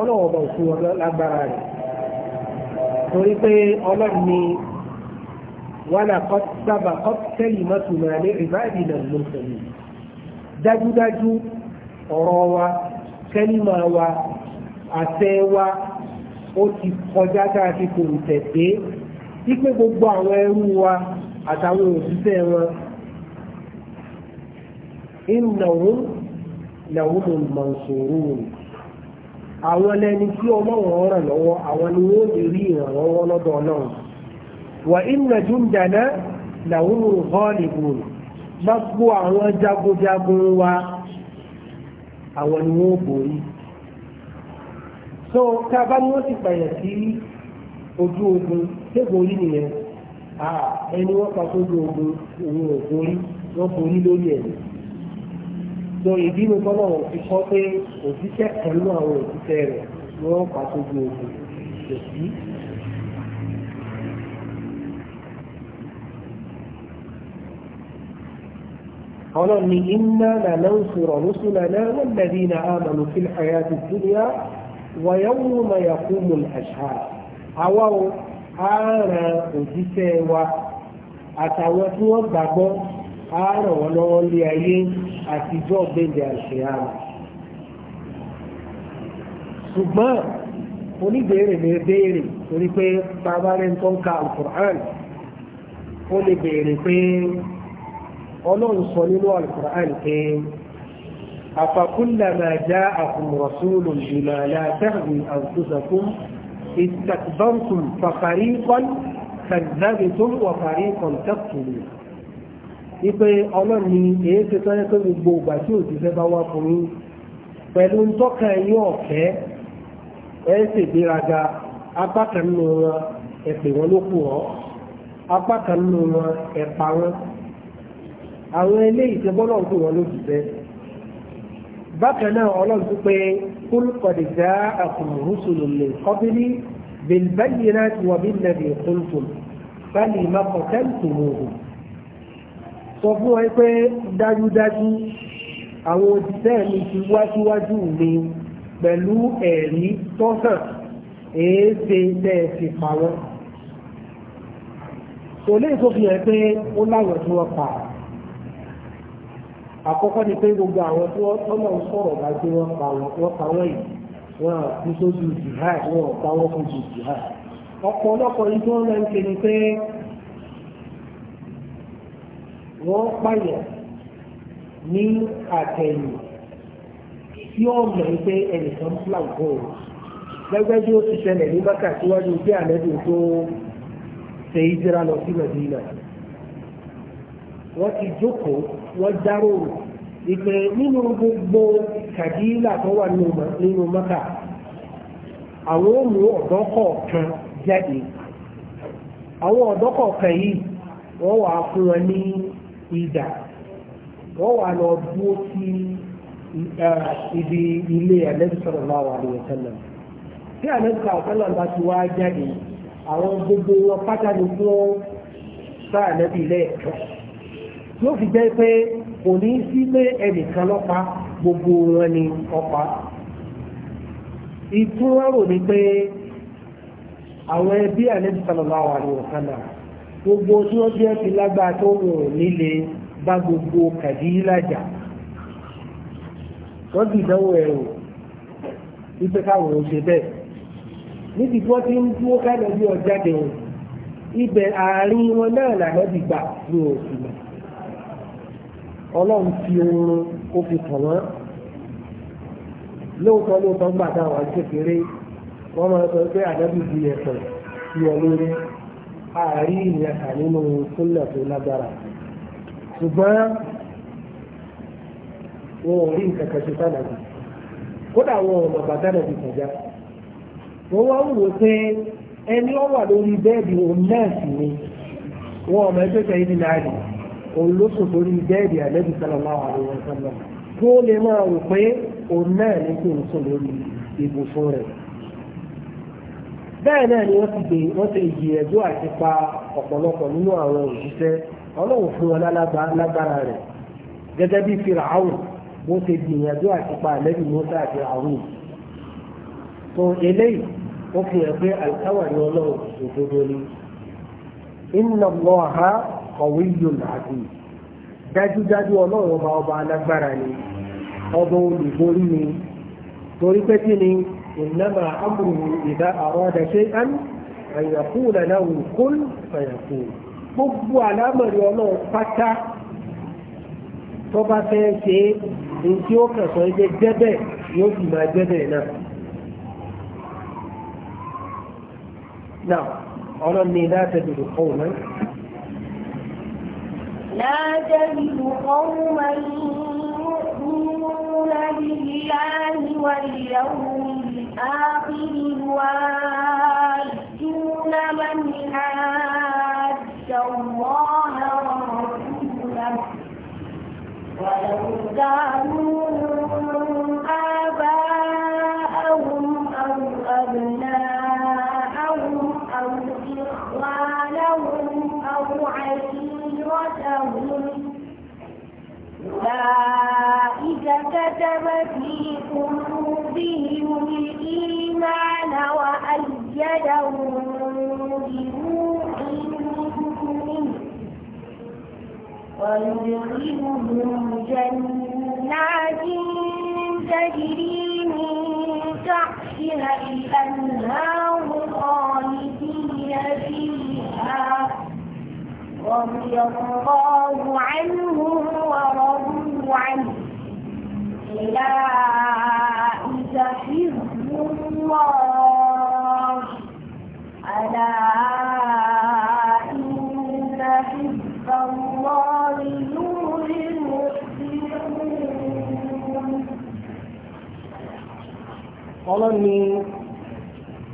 ọlọ́run ọba òṣùwọ̀n lágbára rẹ̀ torí pé ọlọ́run ni wàlà sábà kọ́tẹ́lì mọ́tòmọ́ ní ìbáàdì náà ló ń sọ̀rọ̀ dájúdájú ọ̀rọ̀ wa kẹ́límà wa àṣẹ wa ó ti kọjá tá a kò tẹ̀ wípé gbogbo àwọn ẹrú wa àtàwọn òṣìṣẹ́ wọn ìnáwó làwọn olùmọ̀ọ́sọ̀rọ̀ rẹ̀ àwọn lẹni tí ọmọ wọn ràn lọ́wọ́ àwọn ni wọ́n lè rí ìrànlọ́wọ́ lọ́dọ̀ náà wà inna jundana lahumul ghalibun gbogbo àwọn jagunjagun wa àwọn ni wọ́n borí so tá a bá ní wọ́n ti pààyàn sí ojú ogun tẹ́gbọ̀n orí nìyẹn ẹni wọ́n pa sójú ogun òun ò borí wọ́n borí lórí ẹ̀mí lọ ìdínú tọ́lọ̀ ti kọ́ pé òṣìṣẹ́ kan náà àwọn òṣìṣẹ́ rẹ̀ ni wọ́n pa sójú ogun kò sí. قالوا إنا لننصر رسلنا والذين آمنوا في الحياة الدنيا ويوم يقوم الأشهاد أو أنا أجيسي وأتوتوا بابو á ràn wọ́n lọ́wọ́ lé ayé àti ìjọ gbẹ̀ndẹ̀ àṣeyàrá ṣùgbọ́n oníbèérè lè béèrè torí pé bàbá rẹ̀ tó ń ka alukur'an ó lè béèrè pé ọlọ́run sọ nínú alukur'an pé afakullama ja'akum rasulun bima la tahwi anfusakum istakbartum fa fariqan kadhabtum wa fariqan taqtulun wípé ọlọ́run ni èyí ṣe tọ́lẹ́ pé gbogbo ìgbà tí òṣìṣẹ́ bá wá fún yín pẹ̀lú tọ́ka ẹ̀yìn ọ̀fẹ́ ẹ̀ ṣègbéraga apá kan nínú wọn ẹ pè ló kù ọ́ apá nínú wọn ẹ pa àwọn eléyìí ṣe bọ́lọ̀ ń pè wọ́n lójúṣẹ́ bákan náà ọlọ́run tún pé kul qad ja'akum rusulun min qabli bil bayyinati wa billadhi qultum fali ma qataltumuhum sọ fún wọn pé dájúdájú àwọn òṣìṣẹ́ mi ti wá síwájú mi pẹ̀lú ẹ̀rí tọ́sàn èéṣe lẹ́ẹ̀sì pa wọn so lè tó fi hàn pé ó láwọn tí wọ́n pa àkọ́kọ́ ni pé gbogbo àwọn tí wọ́n tọ́lọ̀ ń sọ̀rọ̀ bá tí wọ́n pa wọn wọ́n pa wọ́n yìí wọn kú sójú jihad wọn pa wọ́n kú ju jihad ọ̀pọ̀lọpọ̀ yìí tó ń rẹ̀ ń ṣe ni pé wọ́n pààyàn ní àtẹ̀yìn tí ó mọ̀ pé ẹnìkan bí ó ti ṣẹlẹ̀ ní bákà síwájú bí àlẹ́bí tó ṣe ìdíra lọ sí wọ́n ti jókòó wọ́n ìpè nínú gbogbo kàdílà tó wà nínú mọ́kà àwọn òmù ọ̀dọ́ kọ̀ọ̀kan jáde àwọn ọ̀dọ́ kọ̀ọ̀kan yìí wọ́n wà fún wọn ìdà wọ́n wà lọ dúró sí ibi ilé Ànábì sallallahu alaihi wasallam tí Ànábì sallallahu bá ti wá jáde àwọn gbogbo wọn pátá ni kí wọ́n sá Ànábì lẹ́ẹ̀kan yóò fi jẹ́ pé kò ní sí pé ẹnìkan lọ́pa gbogbo wọn ni ọpa ìtúwárò ni pé àwọn ẹbí Ànábì sallallahu alaihi wasallam gbogbo tí ó jẹ́ ti lágbàá tó wò nílé bá gbogbo kàdílájà wọ́n ti dánwò ẹ̀rọ wípé káwọn ò ṣe bẹ́ẹ̀ níbi tí wọ́n ti ń dúró kálọ̀ bí ọ̀jáde wọn ibẹ̀ àárín wọn náà lànà ti gbà ní òsì mọ́ ọlọ́run fi oorun ó fi tàn wọ́n lóòótọ́ lóòótọ́ gbà táwọn kékeré wọ́n máa sọ pé àdábìbí ẹ̀sọ̀ sí ọ lórí àárí ìyẹn kà nínú súnlẹ̀ tó lágbára ṣùgbọ́n wọn ò rí nǹkan kan ṣe sánàbì kódà wọn ò mọ̀gbà sánàbì kọjá wọ́n wá wò pé ẹni ó wà lórí bẹ́ẹ̀dì òun náà sì ni wọn ọmọ ẹgbẹ́ sẹ́yìn ní náà rí òun ló sùn lórí bẹ́ẹ̀dì àlẹ́bí sallallahu alaihi wasallam kí ó lè máa rò pé òun náà ní kí òun sùn lórí ibùsùn rẹ̀. bẹ́ẹ̀ náà ni wọ́n ti gbé wọ́n ti gbìyànjú àti pa ọ̀pọ̀lọpọ̀ nínú àwọn òṣìṣẹ́ ọlọ́run fún wọn lágbára rẹ̀ gẹ́gẹ́ bí Fíráúnù bó ṣe gbìyànjú àti pa àlẹ́bí Mùsá àti àwọn tó eléyìí ó fi hàn pé àlùkáwà ni ọlọ́run òdodo ni inna Allaha qawiyyun aziz dájúdájú ọlọ́run ọba ọba alágbára ni olùborí ni torí pé إنما أمره إذا أراد شيئا أن يقول له كن فيكون gbogbo àlámọ̀rí ọlọ́run pátá tó bá fẹ́ ṣe é ní tí ó kàn sọ ilé jẹ́bẹ̀ yóò sì máa jẹ́bẹ̀ náà. náà ọlọ́run ní láti dùdù kọ́ òun náà. لا تجد قوما يؤمنون بالله واليوم آخر يوادون من حاد الله ورسوله ولو كانوا آباءهم أو أبناءهم أو إخوانهم أو عشيرتهم أولئك كتب في قلوبهم الإيمان وأيدهم بروح منه ويدخلهم جنات تجري من تحتها الأنهار خالدين فيها رضي الله عنهم عنه أولئك حزب الله ألا إن حزب الله نور المحسنون قال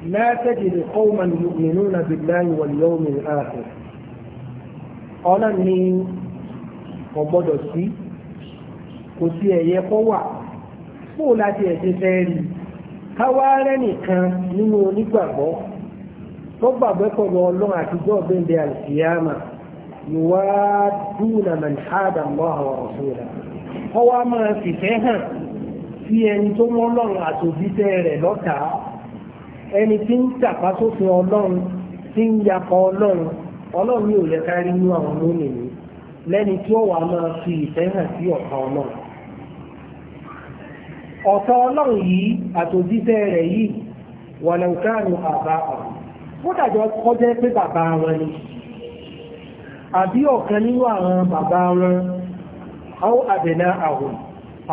لا تجد قوما يؤمنون بالله واليوم الآخر ọlọ́run ni kò gbọ́dọ̀ sí kò sí ẹ̀yẹ kọ́ wà fóò láti ẹ̀sẹ̀ fẹ́ rí káwá rẹ́nìkan nínú onígbàgbọ́ tó gbàgbọ́ pẹ̀lú ọlọ́run àtijọ́ ọ̀gbẹ́ndẹ̀ àlùfíàmà ìwà dúnà mẹ́ta mọ́ àwọn tí ń tàpá ọlọ́run ọlọ́run yóò yẹ ká rí inú àwọn lónìí lẹ́ni tí ó wà máa fi ìfẹ́ hàn sí ọ̀kan ọlọ́run ọ̀tọ̀ ọlọ́run yìí àtòjíṣẹ́ rẹ̀ yìí wà lẹ́wùkánu àbá ọ̀rọ̀ wọ́n dàjọ́ kọjẹ́ pé bàbá wọn ni àbí ọ̀kan nínú àwọn bàbá wọn àwọn àbẹ̀nà àwọn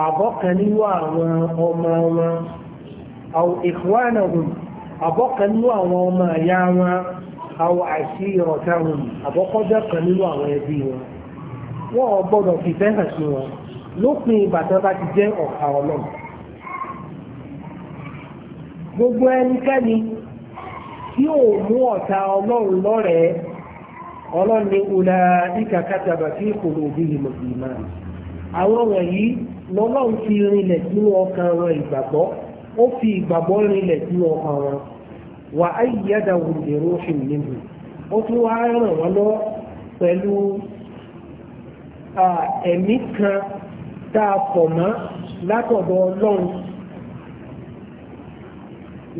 àbọ̀kan nínú àwọn ọmọ wọn àwọn ìfúwánà wọn àbọ̀kan nínú àwọn ọmọ àyá wọn àwọn àìsí ọ̀tá wọn àbọ̀kọ́jẹ́ kan nínú àwọn ẹbí wọn wọ́n gbọ́dọ̀ fi fẹ́ hàn sí wọn lópin ìbàtàn bá ti jẹ́ ọ̀ka ọlọ́run gbogbo ẹnikẹ́ni tí ò mú ọ̀tá ọlọ́run lọ́rẹ̀ẹ́ ọlọ́run ní ọ̀la ìkà kátàbà tí kò lò bí ìmọ̀ ìmọ̀ àwọn wọ̀nyí lọ́lọ́run fi rinlẹ̀ sínú ọkàn wọn ìgbàgbọ́ ó fi ìgbàgbọ́ rinlẹ̀ sínú ọkàn wọn wà á yíyáda wùdìrú ṣì nínú ó tún wá ràn wọ́n lọ pẹ̀lú ẹ̀mí kan tá a pọ̀ mọ́ látọ̀dọ̀ ọlọ́run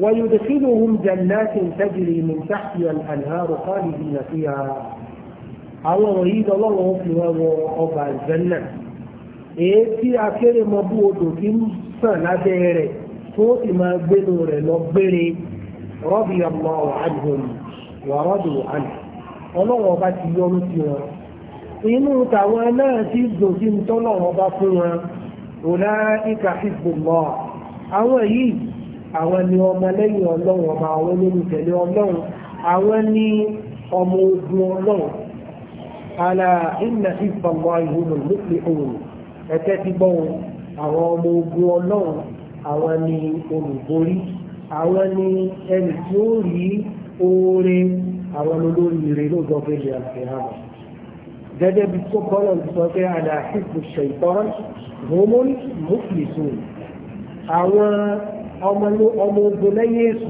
ويدخلهم جنات تجري من تحتها الأنهار خالدين فيها àwọn wọ̀nyí lọ́lọ́wọ́ fi wọ́n wọ ọgbà àlùjànnà èyí tí akérèmọ́bù odò kí ń sàn lábẹ́ rẹ̀ tó sì máa gbénu rẹ̀ lọ gbére rọ́bì ọmọ àdùn wà rọ́bì àná ọlọ́wọ́ bá ti yọnu sí wọn. inú tàwọn náà ti dùn sí ń fún wọn mọ́ àwọn yìí àwọn ni ọmọ lẹ́yìn ọlọ́run ọba àwọn olólùtẹ̀lé ọlọ́run àwọn ni ọmọ ogun ọlọ́run ala inna ìfọ̀mọ́ ìhùnú lópin òun ẹ̀tẹ́ ti bọ́ wọn àwọn ọmọ ogun ọlọ́run àwọn ni olùborí àwọn ni ẹni tí ó rí oore àwọn olórí ire lóòjọ́ fẹ́ lè àti àmà gẹ́gẹ́ bí tó bọ́lọ̀ sọ pé àdá àti ìpòṣẹ̀ ìtọ́rọ̀ hùmọ́n mọ́kìlì sùn àwọn ọmọ ogun lẹ́yìn èṣù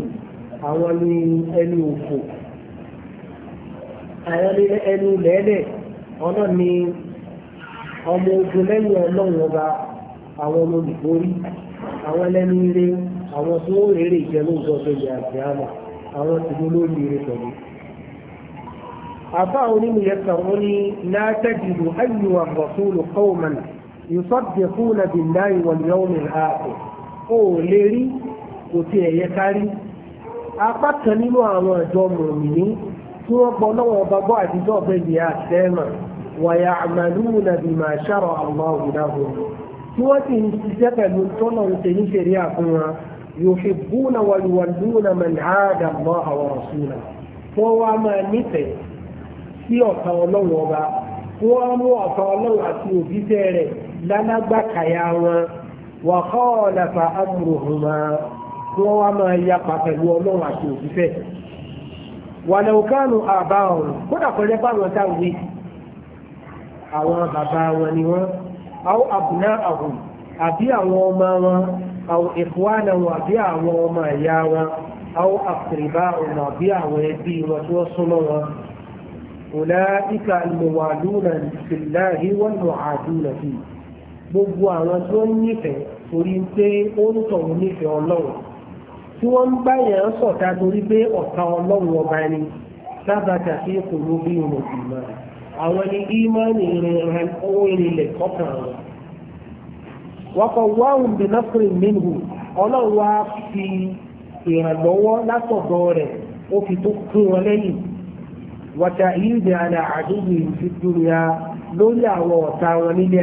àwọn ni ẹni òfò àwọn ni ẹni lẹ́lẹ̀ ọ̀nà ni ọmọ ogun lẹ́yìn ọlọ́run ọba àwọn ọmọ olùborí àwọn ẹlẹ́ni ire àwọn tó rèrè ìjẹ́ lóòótọ́ tó yẹ àti àmà àwọn ti mú lórí ire pẹ̀lú. àfa àwọn onímọ̀ yẹn sàn wọ́n ní látẹ́jìlú ayùwà rọ̀tún qawman yusaddiquna o ò lè rí kò tí ẹ̀yẹ kárí apá kan nínú àwọn ìjọ mòmìnì tí wọ́n a lọ́wọ́ ọba bọ́ àdìjọ́ ọ̀bẹ́ni àtẹ́mà wàyà àmàlùmù nàbì máa ṣàrọ̀ àwọn òdàbọ̀ tí wọ́n sì ń ṣiṣẹ́ pẹ̀lú tọ́nà ń ṣe níṣẹ̀rí àfún wa يحبون ويولون من عاد الله ورسوله فهو ما نفع sí ọ̀tá ọlọ́run ọba wọ́n mú àti òbí lálágbàkàyà wọn wà kọ́ ọ̀làfà amúròhùnmá kí wọ́n wá máa ya pàtẹ́lú ọlọ́run àti òfífẹ́ wà lẹ́wọ̀kánù àbá ọ̀rùn kódà pẹ̀lẹ́ báwọn táwé àwọn bàbá wọn ni wọ́n àwọn àbùná àhùn àbí àwọn ọmọ wọn àwọn ìfúwánà wọn àbí àwọn ọmọ ẹ̀yà wọn àwọn àkùrìbá ọ̀nà àbí àwọn ẹbí wọn tí wọ́n súnmọ́ wọn أولئك الموالون في الله والمعادون فيه gbogbo àwọn tó ń nífẹ̀ẹ́ torí pé ó ń tọ̀rọ̀ nífẹ̀ẹ́ ọlọ́run tí wọ́n ń bá yẹn sọ̀tà torí pé ọ̀tá ọlọ́run ọba ni sí bí òun òbí mọ́ àwọn ni ìmọ̀ọ́nì ìrìnrìn ohun ìrìnlẹ̀ kọ́kàn wọn. wọ́n wáhùn bí nọ́fìrì ọlọ́run wá fi ìrànlọ́wọ́ látọ̀dọ̀ rẹ̀ ó fi tó kún wọn lẹ́yìn wọ́tà ìyíde àdá àdúgbò ìfidúnyà lórí àwọn ọ̀tá wọn nílé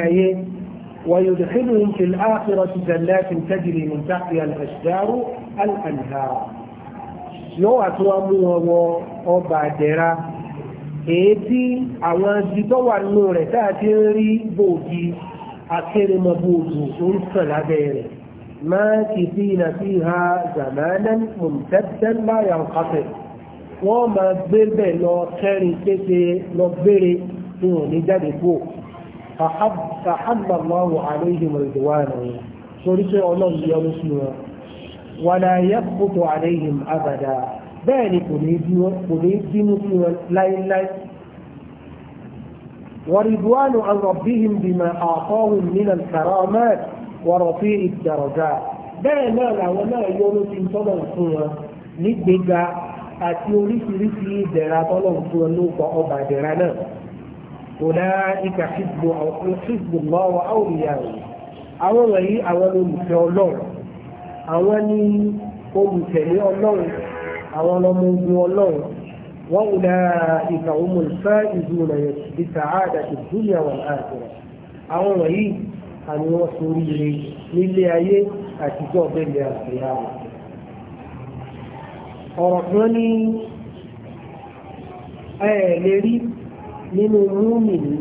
ويدخلهم في الآخرة جنات تجري من تحتها الأشجار الأنهار yóò wá tún wá mú wọn wọ ọgbà àdẹ́ra èédí àwọn ibi tó wà nínú rẹ̀ tá a ti ń rí bòògì akérèmọ́bòògì tó ń sàn lábẹ́ rẹ̀ máa ti fi iná sí ha zamanan mumtẹ́tẹ́n láyà ń kápẹ́ máa gbé bẹ̀ lọ kẹrin kéde lọ gbére tí wọ́n ní jáde kúrò fàhàbà lọ́wọ́ àléhìn rìdíwánà wọn torí pé ọlọ́run yọ lóṣù wọn wàlá yẹ́kùtù àléhìn abàdà bẹ́ẹ̀ ni kò ní bínú sí wọn láíláí ورضوان عن ربهم بما أعطاهم من الكرامات ورفيع الدرجات bẹ́ẹ̀ náà làwọn náà yọ ló ti tọ́lọ̀ fún wọn nígbèga àti oríṣiríṣi ìdẹ̀ra tọ́lọ̀ fún wọn ló kọ ọba ìdẹ̀ra náà أولئك حزب أو حزب الله وأولياؤه àwọn wọ̀nyí àwọn olùfẹ́ ọlọ́run àwọn ní olùtẹ̀lé ọlọ́run àwọn ọmọ ogun ọlọ́run wọ́n wùdà ìkà òmùlùfẹ́ ìdúnà ìta àdà ìdúnyà wọn àtẹ̀rẹ̀ àwọn wọ̀nyí àni wọ́n sórí ire nínú múmi ní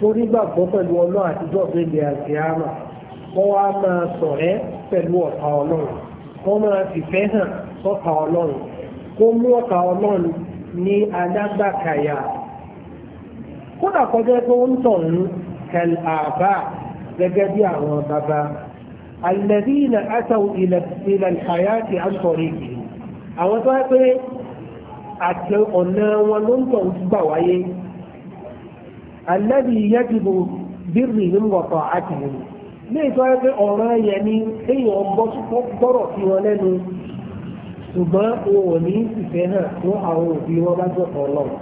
torí gbàgbọ́ pẹ̀lú ọlọ́run àtijọ́ bèbè àti àmà wọ́n wá máa ṣọ̀rẹ́ pẹ̀lú ọ̀tá ọlọ́run wọ́n máa fìfẹ́ hàn sọ́ta ọlọ́run kó mú ọ̀tá ọlọ́run ní alágbàkàyà kódà kọjá pé ó ń tàn kẹl àbá gẹ́gẹ́ bí àwọn bàbá alẹ́dínà àtàw ilẹ̀ àyàtì àǹtọ̀rì àwọn tó wá pé àti ọ̀nà wọn ló ń tàn gbà wáyé alẹ́bí yẹ́dìbò bírì ní wọ̀tọ̀ àti ìlú ní ìtọ́jú pé ọ̀ràn yẹn ni èèyàn gbọ́rọ̀ sí wọn lẹ́nu ṣùgbọ́n wọn ò ní ìfẹ́ hàn fún àwọn òbí wọn bá jọ̀tọ̀ ọlọ́run.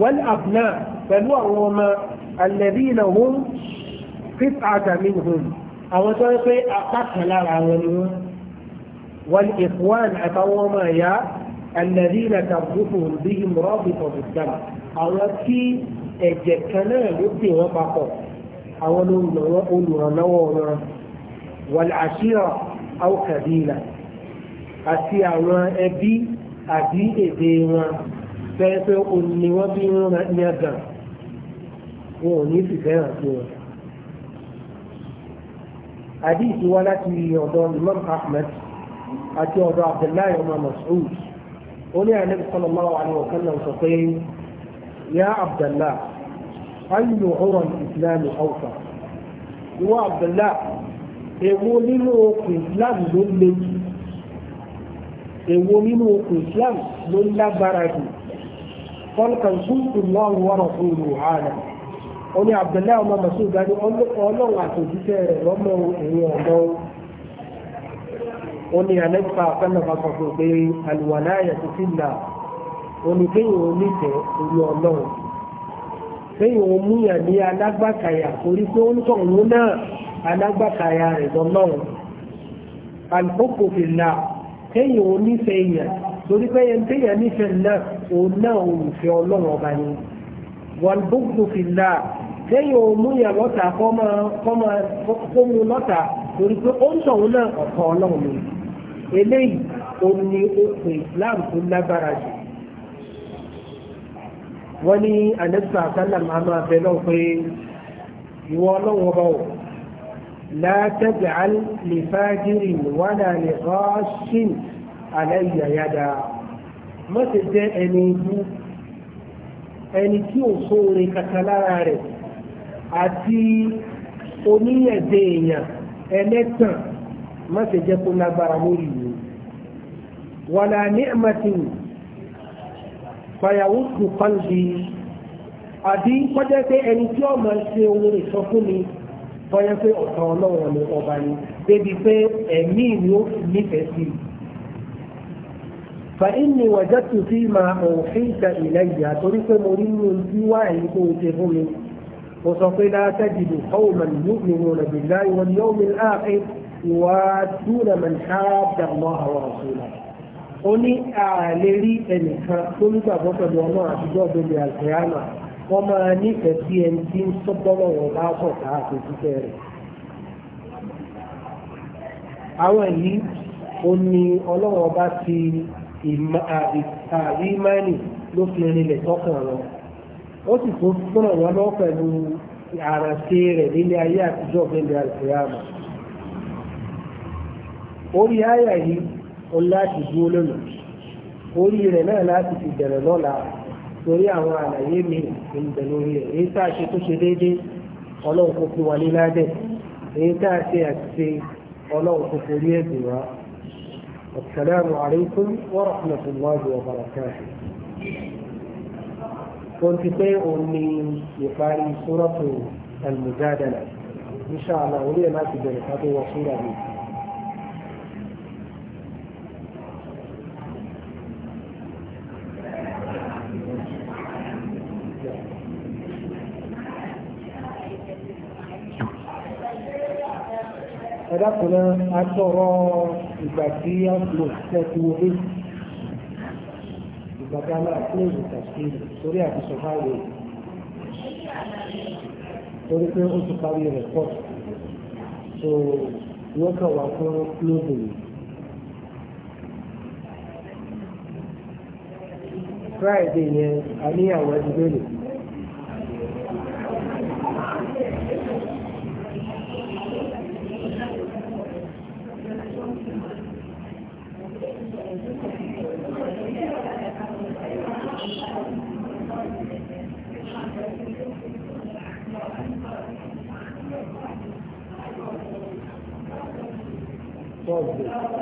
wọ́n àbúnà pẹ̀lú àwọn ọmọ alẹ́bí ìnáwó fífi àdàmì hùn àwọn tó ń pé apá kan lára wọn ni wọ́n wọ́n ìfúwàn àtàwọn ọmọ ẹ̀yà الذين تربطهم بهم رابطة الدم àwọn tí ẹ̀jẹ̀ kan náà ló pè wọ́n papọ̀ àwọn olùrànlọ́wọ́ wọn wàlàṣírà àwòkàdìlà àti àwọn ẹbí àbí èdè wọn bẹ́ẹ̀ pé òní wọ́n bí wọ́n yàn gàn wọn ò ní fìfẹ́ hàn sí wọn. àdìsí wá láti ọ̀dọ̀ Imam Ahmed àti ọ̀dọ̀ Abdullahi ọmọ Mas'ud oní ànábì sallallahu alaihi wa sallam sọ pé yá abdallah ayu ọ̀rọ̀ ìsìlámù awsa ìwọ abdallah èwo nínú okùn ìsìlámù ló le jù èwo nínú okùn ìsìlámù ló lágbára jù fọlùkàn kúntù lọ́rùn wọ́rọ̀ fún ìlú ààrẹ oní abdallah ó ní anẹ́gbà akẹ́nàbà sọ fún pé àlùwàláyà ti fi là ó ní kéèyàn onífẹ̀ẹ́ orí ọlọ́run kéèyàn omúyàn ní alágbàkàyà torí pé ó ń tọ̀ òun náà alágbàkàyà rẹ̀ lọ́lọ́run àlùkòkò fi là kéèyàn onífẹ̀ẹ́ yàn torí pé ẹni téèyàn nífẹ̀ẹ́ náà òun náà olùfẹ́ ọlọ́run ọba ni wọn bókù fi là kéèyàn omúyàn lọ́tà kọ́ máa kó mu lọ́tà torí pé ó ń tọ̀ òun náà ọ̀tọ̀ ọlọ́run mi eléyìí ó ní òkè islam tó lágbára jù wọ́n ní anẹ́sà sálàm àmà abẹ́lọ́ pé ìwọ ọlọ́wọ́ bá wọ̀ látẹ́gbẹ̀ á lè fájírì wàdà lè rọ́ọ̀ṣìn alẹ́ ìyàyàdà mọ́tẹ̀ jẹ́ ẹni ibú ẹni tí ò sóore kàkà lára rẹ̀ àti oníyẹ̀dẹ̀ èèyàn ẹlẹ́tàn má ṣe jẹ́ kó lágbára lórí mi wàlá ní ẹ̀mẹ́tìn fàyàwó kù kọ́lùbí àbí kọjá pé ẹni tí ó máa ṣe ohun ìsọ fún mi kọjá pé ọ̀tọ̀ ọlọ́run ni ọba ni débi pé ẹ̀mí ni ó nífẹ̀ẹ́ sí i. فإني وجدت فيما أوحيت إلي طريق مريم في وعي توجهه وسط لا تجد قوما يؤمنون بالله واليوم الآخر يوادون من حاد الله ورسوله oni àlérí ẹnìkan tó nígbà gbọ́dọ̀ ní ọlọ́run àtijọ́ òbẹ̀lì àlùkìyàmà wọ́n máa nífẹ̀ẹ́ sí ẹni tí ń sọ́gbọ́nà wọn bá sọ̀tà àti títẹ̀ rẹ̀. àwọn èyí ó ní ọlọ́run ọba ti ìmánì ló fi rinlẹ̀ tọ́kàn wọn ó sì tún fúnra wọn lọ́ pẹ̀lú àràṣe rẹ̀ nílé ayé àtijọ́ òbẹ̀lì àlùkìyàmà orí àyà yìí ó láti dúró lónìí orí rẹ̀ náà láti fi bẹ̀rẹ̀ lọ́la torí àwọn àlàyé mi ń bẹ lórí rẹ̀ èyí tá a ṣe tó ṣe déédéé ọlọ́run kò fún wa ní ládẹ̀ èyí tá a ṣe àṣìṣe ọlọ́run kò forí ẹ̀sìn wa. السلام عليكم ورحمة الله وبركاته كنت من يقاري سورة المجادلة إن شاء الله ولي ما تدري هذه وصورة ẹ̀dàkùnrin atọ́rọ ìgbà tí a lò tẹ́tù orí ìgbà tí a máa pé ìrìtàkì torí àti sọ̀fáàlì torí pé ó ti parí rẹ̀ pọ̀ so yóò kàn wá fún lóbìnrin. Friday yẹn a ní àwọn ẹgbẹ́ lòdì.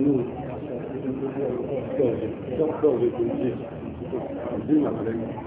النور ضوء ضوء